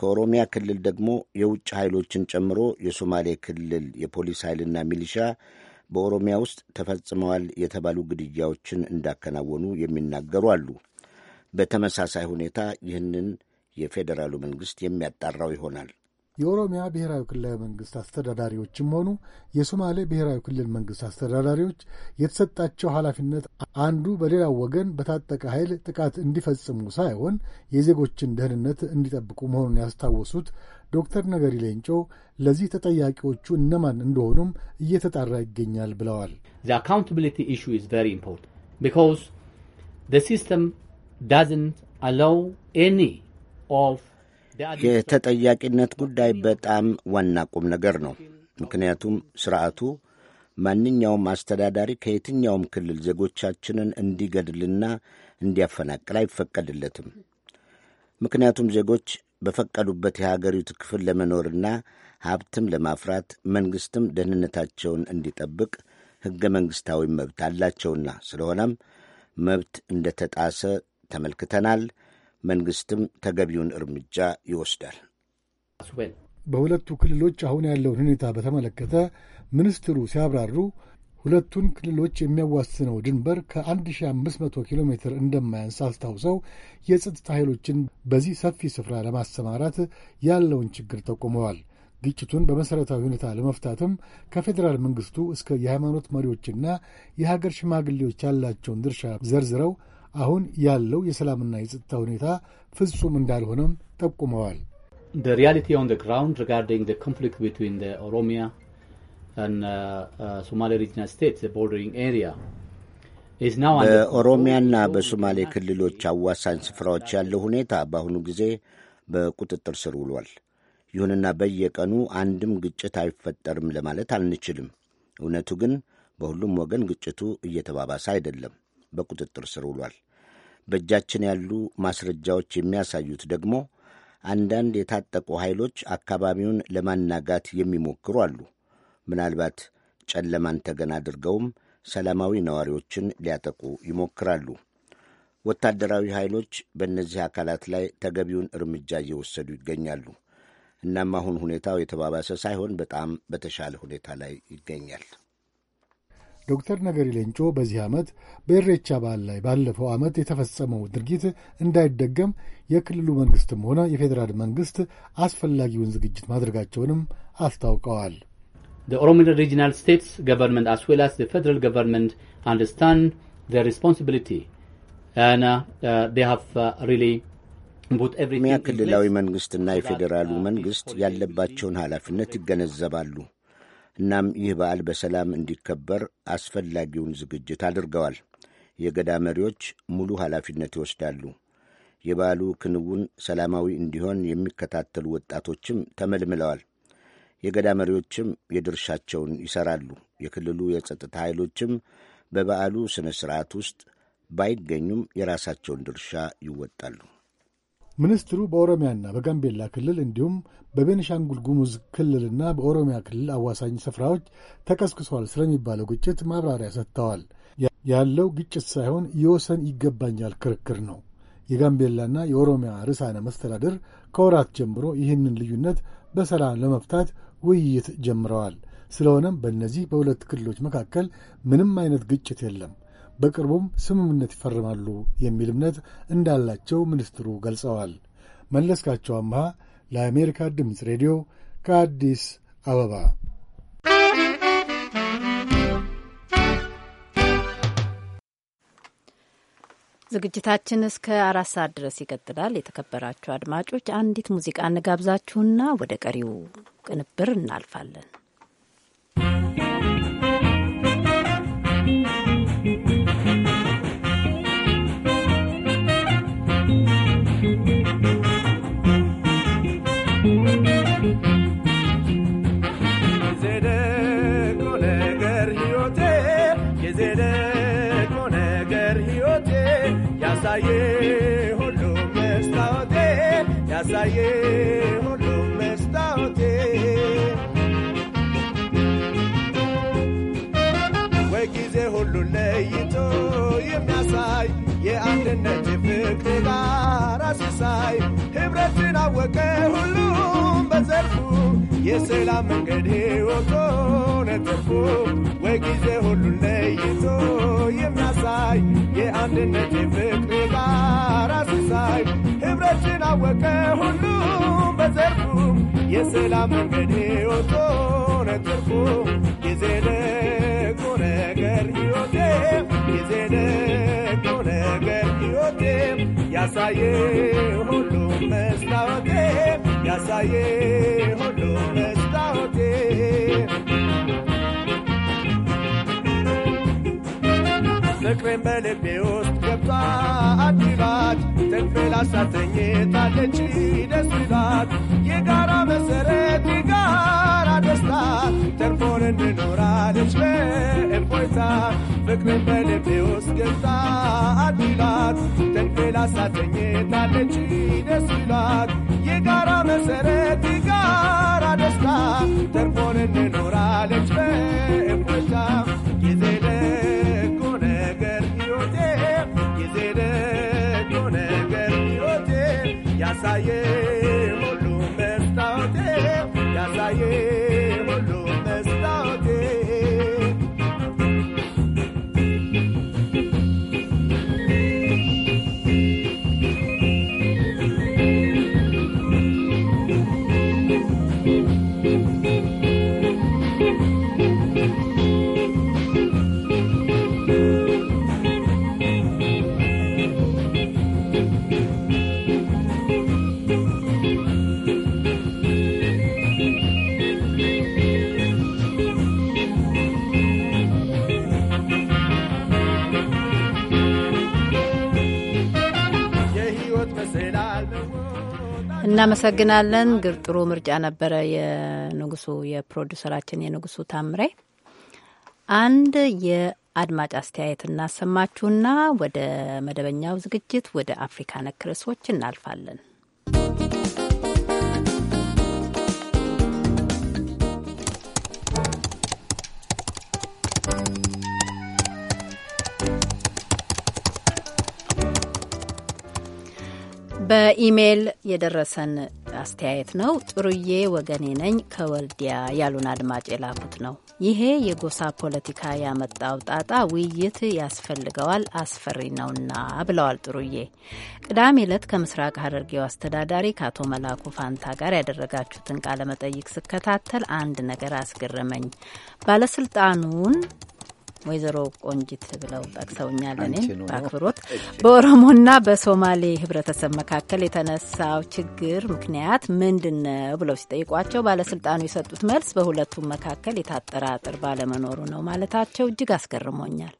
ከኦሮሚያ ክልል ደግሞ የውጭ ኃይሎችን ጨምሮ የሶማሌ ክልል የፖሊስ ኃይልና ሚሊሻ በኦሮሚያ ውስጥ ተፈጽመዋል የተባሉ ግድያዎችን እንዳከናወኑ የሚናገሩ አሉ። በተመሳሳይ ሁኔታ ይህንን የፌዴራሉ መንግሥት የሚያጣራው ይሆናል። የኦሮሚያ ብሔራዊ ክልላዊ መንግስት አስተዳዳሪዎችም ሆኑ የሶማሌ ብሔራዊ ክልል መንግስት አስተዳዳሪዎች የተሰጣቸው ኃላፊነት አንዱ በሌላው ወገን በታጠቀ ኃይል ጥቃት እንዲፈጽሙ ሳይሆን የዜጎችን ደህንነት እንዲጠብቁ መሆኑን ያስታወሱት ዶክተር ነገሪ ሌንጮ ለዚህ ተጠያቂዎቹ እነማን እንደሆኑም እየተጣራ ይገኛል ብለዋል። አካውንታቢሊቲ ኢሹ ኢዝ ቨሪ ኢምፖርታንት ቢኮዝ ዘ ሲስተም ዳዝንት አላው ኤኒ ኦፍ የተጠያቂነት ጉዳይ በጣም ዋና ቁም ነገር ነው። ምክንያቱም ስርዓቱ ማንኛውም አስተዳዳሪ ከየትኛውም ክልል ዜጎቻችንን እንዲገድልና እንዲያፈናቅል አይፈቀድለትም። ምክንያቱም ዜጎች በፈቀዱበት የሀገሪቱ ክፍል ለመኖርና ሀብትም ለማፍራት መንግሥትም ደህንነታቸውን እንዲጠብቅ ሕገ መንግሥታዊ መብት አላቸውና ስለሆነም መብት እንደተጣሰ ተመልክተናል። መንግስትም ተገቢውን እርምጃ ይወስዳል። በሁለቱ ክልሎች አሁን ያለውን ሁኔታ በተመለከተ ሚኒስትሩ ሲያብራሩ ሁለቱን ክልሎች የሚያዋስነው ድንበር ከ1500 ኪሎ ሜትር እንደማያንስ አስታውሰው የጸጥታ ኃይሎችን በዚህ ሰፊ ስፍራ ለማሰማራት ያለውን ችግር ጠቁመዋል። ግጭቱን በመሠረታዊ ሁኔታ ለመፍታትም ከፌዴራል መንግሥቱ እስከ የሃይማኖት መሪዎችና የሀገር ሽማግሌዎች ያላቸውን ድርሻ ዘርዝረው አሁን ያለው የሰላምና የጸጥታ ሁኔታ ፍጹም እንዳልሆነም ጠቁመዋል። The reality on the ground regarding the conflict between the Oromia and uh, uh regional states, the bordering area, is now በኦሮሚያና በሶማሌ ክልሎች አዋሳኝ ስፍራዎች ያለው ሁኔታ በአሁኑ ጊዜ በቁጥጥር ስር ውሏል። ይሁንና በየቀኑ አንድም ግጭት አይፈጠርም ለማለት አንችልም። እውነቱ ግን በሁሉም ወገን ግጭቱ እየተባባሰ አይደለም፣ በቁጥጥር ስር ውሏል። በእጃችን ያሉ ማስረጃዎች የሚያሳዩት ደግሞ አንዳንድ የታጠቁ ኃይሎች አካባቢውን ለማናጋት የሚሞክሩ አሉ። ምናልባት ጨለማን ተገን አድርገውም ሰላማዊ ነዋሪዎችን ሊያጠቁ ይሞክራሉ። ወታደራዊ ኃይሎች በእነዚህ አካላት ላይ ተገቢውን እርምጃ እየወሰዱ ይገኛሉ። እናም አሁን ሁኔታው የተባባሰ ሳይሆን በጣም በተሻለ ሁኔታ ላይ ይገኛል። ዶክተር ነገሪ ሌንጮ በዚህ ዓመት በኢሬቻ በዓል ላይ ባለፈው ዓመት የተፈጸመው ድርጊት እንዳይደገም የክልሉ መንግሥትም ሆነ የፌዴራል መንግሥት አስፈላጊውን ዝግጅት ማድረጋቸውንም አስታውቀዋል። ኦሮሚያ ሪጂናል ስቴትስ ገቨርንመንት አስ ዌል አስ ፌደራል ገቨርንመንት አንደርስታንድ ክልላዊ መንግሥትና የፌዴራሉ መንግሥት ያለባቸውን ኃላፊነት ይገነዘባሉ። እናም ይህ በዓል በሰላም እንዲከበር አስፈላጊውን ዝግጅት አድርገዋል። የገዳ መሪዎች ሙሉ ኃላፊነት ይወስዳሉ። የበዓሉ ክንውን ሰላማዊ እንዲሆን የሚከታተሉ ወጣቶችም ተመልምለዋል። የገዳ መሪዎችም የድርሻቸውን ይሰራሉ። የክልሉ የጸጥታ ኃይሎችም በበዓሉ ሥነ ሥርዓት ውስጥ ባይገኙም የራሳቸውን ድርሻ ይወጣሉ። ሚኒስትሩ በኦሮሚያና በጋምቤላ ክልል እንዲሁም በቤንሻንጉል ጉሙዝ ክልልና በኦሮሚያ ክልል አዋሳኝ ስፍራዎች ተቀስቅሷል ስለሚባለው ግጭት ማብራሪያ ሰጥተዋል። ያለው ግጭት ሳይሆን የወሰን ይገባኛል ክርክር ነው። የጋምቤላና የኦሮሚያ ርዕሳነ መስተዳድር ከወራት ጀምሮ ይህንን ልዩነት በሰላም ለመፍታት ውይይት ጀምረዋል። ስለሆነም በእነዚህ በሁለት ክልሎች መካከል ምንም አይነት ግጭት የለም። በቅርቡም ስምምነት ይፈርማሉ የሚል እምነት እንዳላቸው ሚኒስትሩ ገልጸዋል። መለስካቸው አምሃ ለአሜሪካ ድምፅ ሬዲዮ ከአዲስ አበባ ዝግጅታችን እስከ አራት ሰዓት ድረስ ይቀጥላል። የተከበራችሁ አድማጮች አንዲት ሙዚቃ እንጋብዛችሁና ወደ ቀሪው ቅንብር እናልፋለን። ከድንቅ ጋር ሲሳይ ኅብረትን አወቀ ሁሉም በዘርፉ የሰላም መንገድ ወቶ ነተርፎ ወይ ጊዜ ሁሉን ለይቶ የሚያሳይ የአንድነት የፍቅር ጋር ሲሳይ ኅብረትን አወቀ ሁሉም በዘርፉ የሰላም መንገድ ወቶ ነተርፎ የዘለቁ ነገር ሕይወቴ የዘለ ያሳየ ሁሉ መስታወቴ ያሳየ ሁሉ መስታወቴ ፍቅሬን በልቤ ውስጥ ገብቷ አዲላት ትንፍላ ሳተኝታለች ደስ ይላት የጋራ መሰረት ይጋ ደስታ ተርፎን እንኖራል እጅ እፎይታ ፍቅርን በልቤ ውስጥ ገብታ አዲላት ተንፌላ ሳተኝታለች ደስ ይላት የጋራ መሰረት የጋራ ደስታ ተርፎን እንኖራል እጅ እፎይታ ጊዜ ለጎ ነገር ሕይወቴ ጊዜ ለጎ ነገር ሕይወቴ ያሳየ እናመሰግናለን። ጥሩ ምርጫ ነበረ የንጉሱ የፕሮዲሰራችን የንጉሱ ታምሬ። አንድ የአድማጭ አስተያየት እናሰማችሁና ወደ መደበኛው ዝግጅት ወደ አፍሪካ ነክ ርዕሶች እናልፋለን። በኢሜል የደረሰን አስተያየት ነው። ጥሩዬ ወገኔ ነኝ ከወልዲያ ያሉን አድማጭ የላኩት ነው። ይሄ የጎሳ ፖለቲካ ያመጣው ጣጣ ውይይት ያስፈልገዋል አስፈሪ ነውና ብለዋል ጥሩዬ። ቅዳሜ ዕለት ከምስራቅ ሐረርጌው አስተዳዳሪ ከአቶ መላኩ ፋንታ ጋር ያደረጋችሁትን ቃለ መጠይቅ ስከታተል አንድ ነገር አስገረመኝ። ባለስልጣኑን ወይዘሮ ቆንጂት ብለው ጠቅሰውኛል። እኔም በአክብሮት በኦሮሞና በሶማሌ ህብረተሰብ መካከል የተነሳው ችግር ምክንያት ምንድን ነው ብለው ሲጠይቋቸው ባለስልጣኑ የሰጡት መልስ በሁለቱም መካከል አጥር ባለመኖሩ ነው ማለታቸው እጅግ አስገርሞኛል።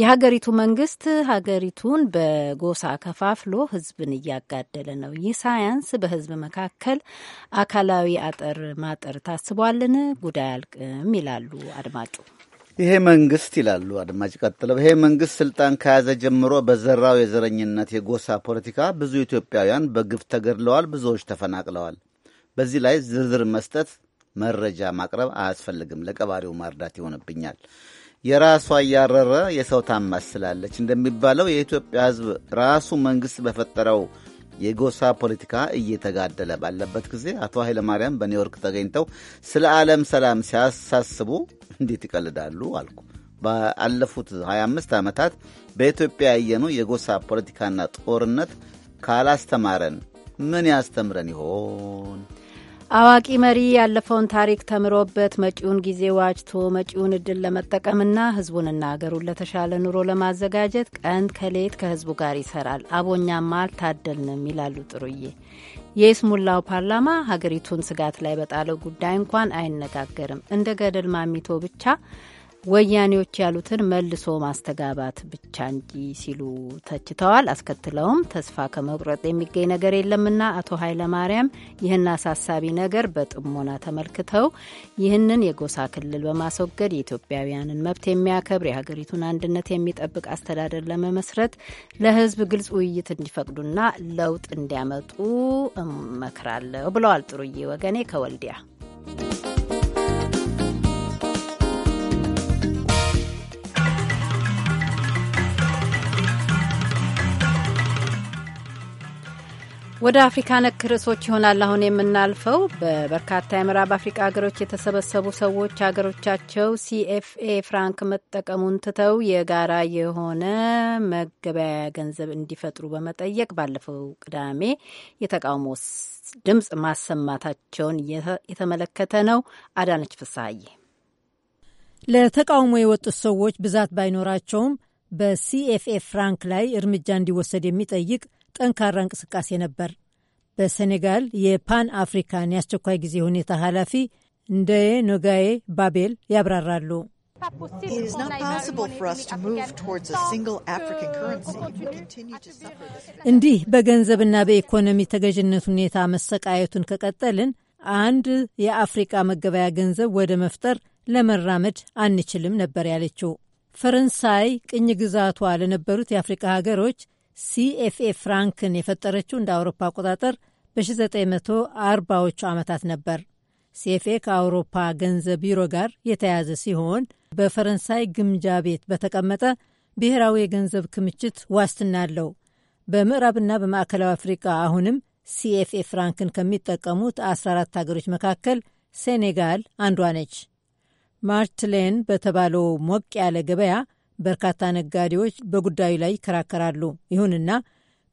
የሀገሪቱ መንግስት ሀገሪቱን በጎሳ ከፋፍሎ ህዝብን እያጋደለ ነው። ይህ ሳያንስ በህዝብ መካከል አካላዊ አጠር ማጠር ታስቧልን? ጉዳይ አልቅም ይላሉ አድማጩ። ይሄ መንግስት ይላሉ አድማጭ ቀጥለው፣ ይሄ መንግስት ስልጣን ከያዘ ጀምሮ በዘራው የዘረኝነት የጎሳ ፖለቲካ ብዙ ኢትዮጵያውያን በግፍ ተገድለዋል፣ ብዙዎች ተፈናቅለዋል። በዚህ ላይ ዝርዝር መስጠት መረጃ ማቅረብ አያስፈልግም። ለቀባሪው ማርዳት ይሆንብኛል። የራሷ እያረረ የሰው ታማስላለች ስላለች እንደሚባለው የኢትዮጵያ ሕዝብ ራሱ መንግስት በፈጠረው የጎሳ ፖለቲካ እየተጋደለ ባለበት ጊዜ አቶ ኃይለማርያም በኒውዮርክ ተገኝተው ስለ ዓለም ሰላም ሲያሳስቡ እንዴት ይቀልዳሉ አልኩ። ባለፉት 25 ዓመታት በኢትዮጵያ ያየኑ የጎሳ ፖለቲካና ጦርነት ካላስተማረን ምን ያስተምረን ይሆን? አዋቂ መሪ ያለፈውን ታሪክ ተምሮበት መጪውን ጊዜ ዋጅቶ መጪውን እድል ለመጠቀምና ህዝቡንና ሀገሩን ለተሻለ ኑሮ ለማዘጋጀት ቀን ከሌት ከህዝቡ ጋር ይሰራል። አቦኛማ አልታደልንም ይላሉ ጥሩዬ። የይስሙላው ፓርላማ ሀገሪቱን ስጋት ላይ በጣለው ጉዳይ እንኳን አይነጋገርም። እንደ ገደል ማሚቶ ብቻ ወያኔዎች ያሉትን መልሶ ማስተጋባት ብቻ እንጂ ሲሉ ተችተዋል። አስከትለውም ተስፋ ከመቁረጥ የሚገኝ ነገር የለምና አቶ ኃይለማርያም ይህን አሳሳቢ ነገር በጥሞና ተመልክተው ይህንን የጎሳ ክልል በማስወገድ የኢትዮጵያውያንን መብት የሚያከብር የሀገሪቱን አንድነት የሚጠብቅ አስተዳደር ለመመስረት ለሕዝብ ግልጽ ውይይት እንዲፈቅዱና ለውጥ እንዲያመጡ እመክራለሁ ብለዋል። ጥሩዬ ወገኔ ከወልዲያ ወደ አፍሪካ ነክ ርዕሶች ይሆናል አሁን የምናልፈው። በበርካታ የምዕራብ አፍሪካ ሀገሮች የተሰበሰቡ ሰዎች ሀገሮቻቸው ሲኤፍኤ ፍራንክ መጠቀሙን ትተው የጋራ የሆነ መገበያያ ገንዘብ እንዲፈጥሩ በመጠየቅ ባለፈው ቅዳሜ የተቃውሞ ድምፅ ማሰማታቸውን የተመለከተ ነው። አዳነች ፍስሐዬ። ለተቃውሞ የወጡት ሰዎች ብዛት ባይኖራቸውም በሲኤፍኤ ፍራንክ ላይ እርምጃ እንዲወሰድ የሚጠይቅ ጠንካራ እንቅስቃሴ ነበር። በሴኔጋል የፓን አፍሪካን የአስቸኳይ ጊዜ ሁኔታ ኃላፊ እንደ ኖጋዬ ባቤል ያብራራሉ። እንዲህ በገንዘብና በኢኮኖሚ ተገዥነት ሁኔታ መሰቃየቱን ከቀጠልን አንድ የአፍሪቃ መገበያ ገንዘብ ወደ መፍጠር ለመራመድ አንችልም ነበር ያለችው። ፈረንሳይ ቅኝ ግዛቷ ለነበሩት የአፍሪቃ ሀገሮች ሲኤፍኤ ፍራንክን የፈጠረችው እንደ አውሮፓ አቆጣጠር በ1940ዎቹ ዓመታት ነበር። ሲኤፍኤ ከአውሮፓ ገንዘብ ቢሮ ጋር የተያያዘ ሲሆን በፈረንሳይ ግምጃ ቤት በተቀመጠ ብሔራዊ የገንዘብ ክምችት ዋስትና አለው። በምዕራብና በማዕከላዊ አፍሪቃ አሁንም ሲኤፍኤ ፍራንክን ከሚጠቀሙት 14 ሀገሮች መካከል ሴኔጋል አንዷ ነች። ማርትሌን በተባለው ሞቅ ያለ ገበያ በርካታ ነጋዴዎች በጉዳዩ ላይ ይከራከራሉ። ይሁንና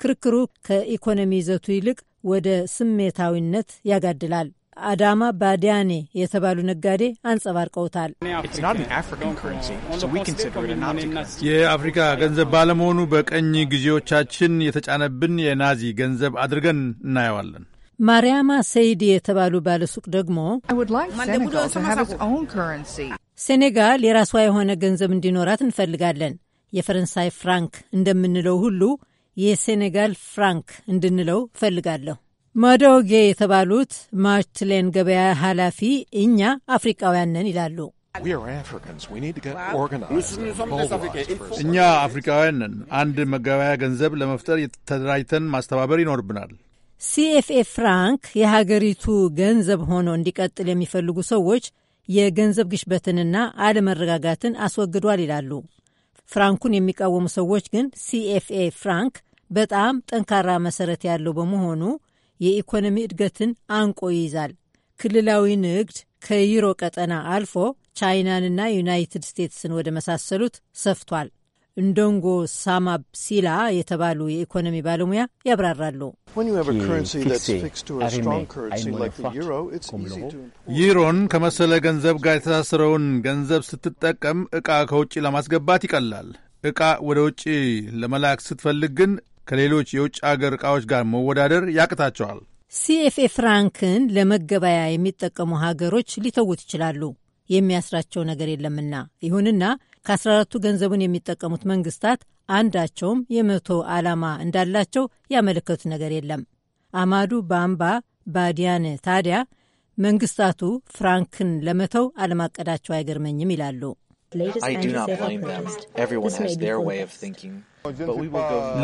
ክርክሩ ከኢኮኖሚ ይዘቱ ይልቅ ወደ ስሜታዊነት ያጋድላል። አዳማ ባዲያኔ የተባሉ ነጋዴ አንጸባርቀውታል። የአፍሪካ ገንዘብ ባለመሆኑ በቀኝ ጊዜዎቻችን የተጫነብን የናዚ ገንዘብ አድርገን እናየዋለን። ማርያማ ሰይድ የተባሉ ባለሱቅ ደግሞ ሴኔጋል የራሷ የሆነ ገንዘብ እንዲኖራት እንፈልጋለን። የፈረንሳይ ፍራንክ እንደምንለው ሁሉ የሴኔጋል ፍራንክ እንድንለው እፈልጋለሁ። ማዶጌ የተባሉት ማችሌን ገበያ ኃላፊ እኛ አፍሪቃውያን ነን ይላሉ። እኛ አፍሪካውያን ነን። አንድ መገበያ ገንዘብ ለመፍጠር ተደራጅተን ማስተባበር ይኖርብናል። ሲኤፍኤ ፍራንክ የሀገሪቱ ገንዘብ ሆኖ እንዲቀጥል የሚፈልጉ ሰዎች የገንዘብ ግሽበትንና አለመረጋጋትን አስወግዷል ይላሉ። ፍራንኩን የሚቃወሙ ሰዎች ግን ሲኤፍኤ ፍራንክ በጣም ጠንካራ መሰረት ያለው በመሆኑ የኢኮኖሚ እድገትን አንቆ ይይዛል፣ ክልላዊ ንግድ ከዩሮ ቀጠና አልፎ ቻይናንና ዩናይትድ ስቴትስን ወደ መሳሰሉት ሰፍቷል እንደንጎ ሲላ የተባሉ የኢኮኖሚ ባለሙያ ያብራራሉ። ዩሮን ከመሰለ ገንዘብ ጋር የተሳሰረውን ገንዘብ ስትጠቀም ዕቃ ከውጭ ለማስገባት ይቀላል። ዕቃ ወደ ውጭ ለመላክ ስትፈልግ ግን ከሌሎች የውጭ አገር ዕቃዎች ጋር መወዳደር ያቅታቸዋል። ሲኤፍኤ ፍራንክን ለመገበያ የሚጠቀሙ ሀገሮች ሊተውት ይችላሉ፣ የሚያስራቸው ነገር የለምና። ይሁንና ከ14ቱ ገንዘቡን የሚጠቀሙት መንግስታት አንዳቸውም የመቶ ዓላማ እንዳላቸው ያመለከቱት ነገር የለም። አማዱ ባምባ ባዲያን ታዲያ መንግስታቱ ፍራንክን ለመተው አለማቀዳቸው አይገርመኝም ይላሉ።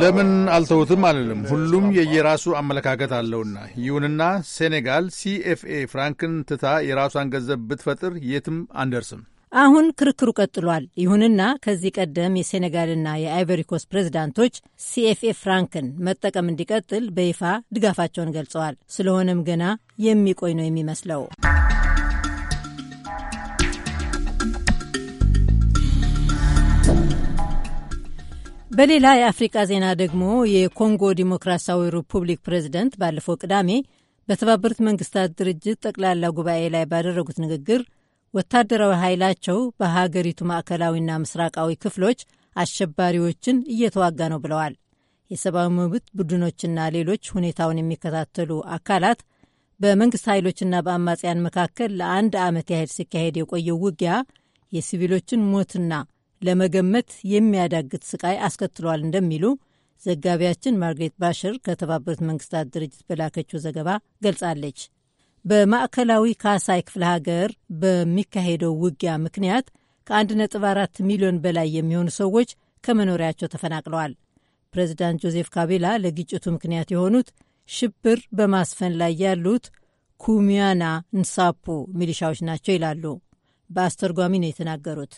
ለምን አልተውትም አልልም። ሁሉም የየራሱ አመለካከት አለውና። ይሁንና ሴኔጋል ሲኤፍኤ ፍራንክን ትታ የራሷን ገንዘብ ብትፈጥር የትም አንደርስም። አሁን ክርክሩ ቀጥሏል። ይሁንና ከዚህ ቀደም የሴኔጋልና የአይቨሪኮስ ፕሬዝዳንቶች ሲኤፍኤ ፍራንክን መጠቀም እንዲቀጥል በይፋ ድጋፋቸውን ገልጸዋል። ስለሆነም ገና የሚቆይ ነው የሚመስለው። በሌላ የአፍሪቃ ዜና ደግሞ የኮንጎ ዲሞክራሲያዊ ሪፑብሊክ ፕሬዝደንት ባለፈው ቅዳሜ በተባበሩት መንግስታት ድርጅት ጠቅላላ ጉባኤ ላይ ባደረጉት ንግግር ወታደራዊ ኃይላቸው በሀገሪቱ ማዕከላዊና ምስራቃዊ ክፍሎች አሸባሪዎችን እየተዋጋ ነው ብለዋል። የሰብአዊ መብት ቡድኖችና ሌሎች ሁኔታውን የሚከታተሉ አካላት በመንግስት ኃይሎችና በአማጽያን መካከል ለአንድ ዓመት ያህል ሲካሄድ የቆየው ውጊያ የሲቪሎችን ሞትና ለመገመት የሚያዳግት ስቃይ አስከትሏል እንደሚሉ ዘጋቢያችን ማርግሬት ባሽር ከተባበሩት መንግስታት ድርጅት በላከችው ዘገባ ገልጻለች። በማዕከላዊ ካሳይ ክፍለ ሀገር በሚካሄደው ውጊያ ምክንያት ከ1.4 ሚሊዮን በላይ የሚሆኑ ሰዎች ከመኖሪያቸው ተፈናቅለዋል። ፕሬዚዳንት ጆዜፍ ካቢላ ለግጭቱ ምክንያት የሆኑት ሽብር በማስፈን ላይ ያሉት ኩሚያና ንሳፑ ሚሊሻዎች ናቸው ይላሉ። በአስተርጓሚ ነው የተናገሩት።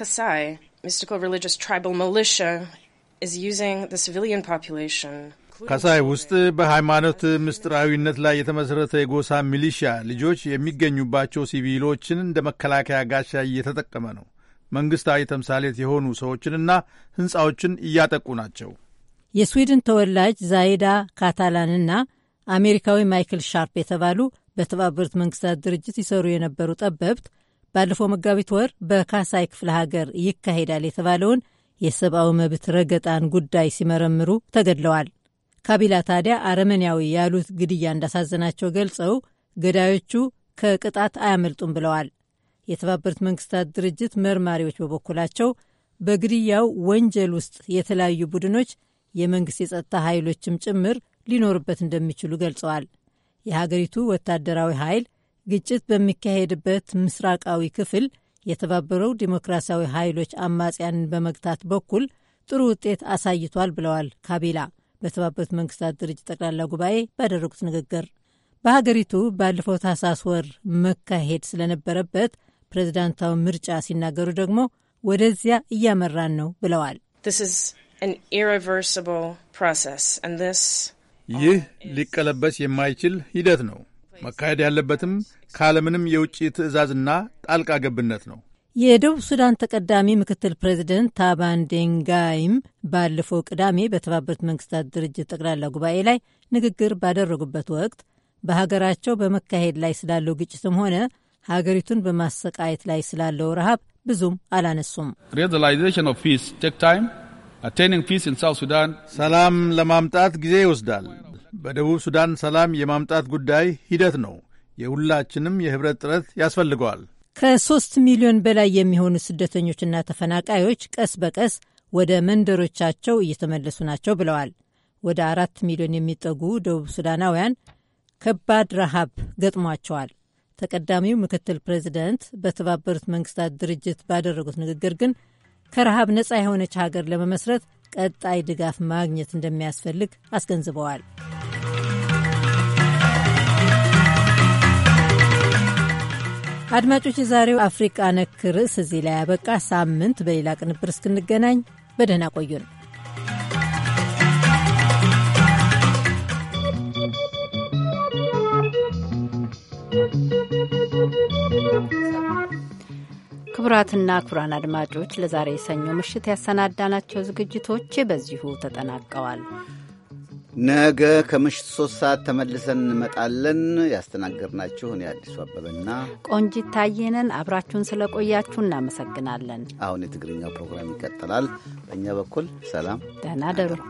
ካሳይ ሚስቲኮ ሪሊጂስ ትራይባል ሚሊሻ ካሳይ ውስጥ በሃይማኖት ምስጢራዊነት ላይ የተመሠረተ የጎሳ ሚሊሽያ ልጆች የሚገኙባቸው ሲቪሎችን እንደ መከላከያ ጋሻ እየተጠቀመ ነው። መንግሥታዊ ተምሳሌት የሆኑ ሰዎችንና ሕንፃዎችን እያጠቁ ናቸው። የስዊድን ተወላጅ ዛይዳ ካታላንና አሜሪካዊ ማይክል ሻርፕ የተባሉ በተባበሩት መንግስታት ድርጅት ይሰሩ የነበሩ ጠበብት ባለፈው መጋቢት ወር በካሳይ ክፍለ ሀገር ይካሄዳል የተባለውን የሰብአዊ መብት ረገጣን ጉዳይ ሲመረምሩ ተገድለዋል። ካቢላ ታዲያ አረመኔያዊ ያሉት ግድያ እንዳሳዘናቸው ገልጸው ገዳዮቹ ከቅጣት አያመልጡም ብለዋል። የተባበሩት መንግስታት ድርጅት መርማሪዎች በበኩላቸው በግድያው ወንጀል ውስጥ የተለያዩ ቡድኖች የመንግስት የጸጥታ ኃይሎችም ጭምር ሊኖርበት እንደሚችሉ ገልጸዋል። የሀገሪቱ ወታደራዊ ኃይል ግጭት በሚካሄድበት ምስራቃዊ ክፍል የተባበረው ዲሞክራሲያዊ ኃይሎች አማጽያንን በመግታት በኩል ጥሩ ውጤት አሳይቷል ብለዋል ካቢላ። በተባበሩት መንግስታት ድርጅት ጠቅላላ ጉባኤ ባደረጉት ንግግር በሀገሪቱ ባለፈው ታህሳስ ወር መካሄድ ስለነበረበት ፕሬዚዳንታዊ ምርጫ ሲናገሩ ደግሞ ወደዚያ እያመራን ነው ብለዋል። ይህ ሊቀለበስ የማይችል ሂደት ነው። መካሄድ ያለበትም ካለምንም የውጭ ትዕዛዝና ጣልቃ ገብነት ነው። የደቡብ ሱዳን ተቀዳሚ ምክትል ፕሬዚደንት ታባን ዴንጋይም ባለፈው ቅዳሜ በተባበሩት መንግስታት ድርጅት ጠቅላላ ጉባኤ ላይ ንግግር ባደረጉበት ወቅት በሀገራቸው በመካሄድ ላይ ስላለው ግጭትም ሆነ ሀገሪቱን በማሰቃየት ላይ ስላለው ረሃብ ብዙም አላነሱም። ሰላም ለማምጣት ጊዜ ይወስዳል። በደቡብ ሱዳን ሰላም የማምጣት ጉዳይ ሂደት ነው። የሁላችንም የህብረት ጥረት ያስፈልገዋል። ከሶስት ሚሊዮን በላይ የሚሆኑ ስደተኞችና ተፈናቃዮች ቀስ በቀስ ወደ መንደሮቻቸው እየተመለሱ ናቸው ብለዋል። ወደ አራት ሚሊዮን የሚጠጉ ደቡብ ሱዳናውያን ከባድ ረሃብ ገጥሟቸዋል። ተቀዳሚው ምክትል ፕሬዚደንት በተባበሩት መንግስታት ድርጅት ባደረጉት ንግግር ግን ከረሃብ ነፃ የሆነች ሀገር ለመመስረት ቀጣይ ድጋፍ ማግኘት እንደሚያስፈልግ አስገንዝበዋል። አድማጮች፣ የዛሬው አፍሪቃ ነክ ርዕስ እዚህ ላይ ያበቃ። ሳምንት በሌላ ቅንብር እስክንገናኝ በደህና ቆዩን። ክቡራትና ክቡራን አድማጮች ለዛሬ የሰኞ ምሽት ያሰናዳናቸው ዝግጅቶች በዚሁ ተጠናቀዋል። ነገ ከምሽት ሶስት ሰዓት ተመልሰን እንመጣለን። ያስተናገድናችሁ እኔ አዲሱ አበበና ቆንጂት ታየነን። አብራችሁን ስለቆያችሁ እናመሰግናለን። አሁን የትግርኛው ፕሮግራም ይቀጥላል። በእኛ በኩል ሰላም፣ ደህና ደሩ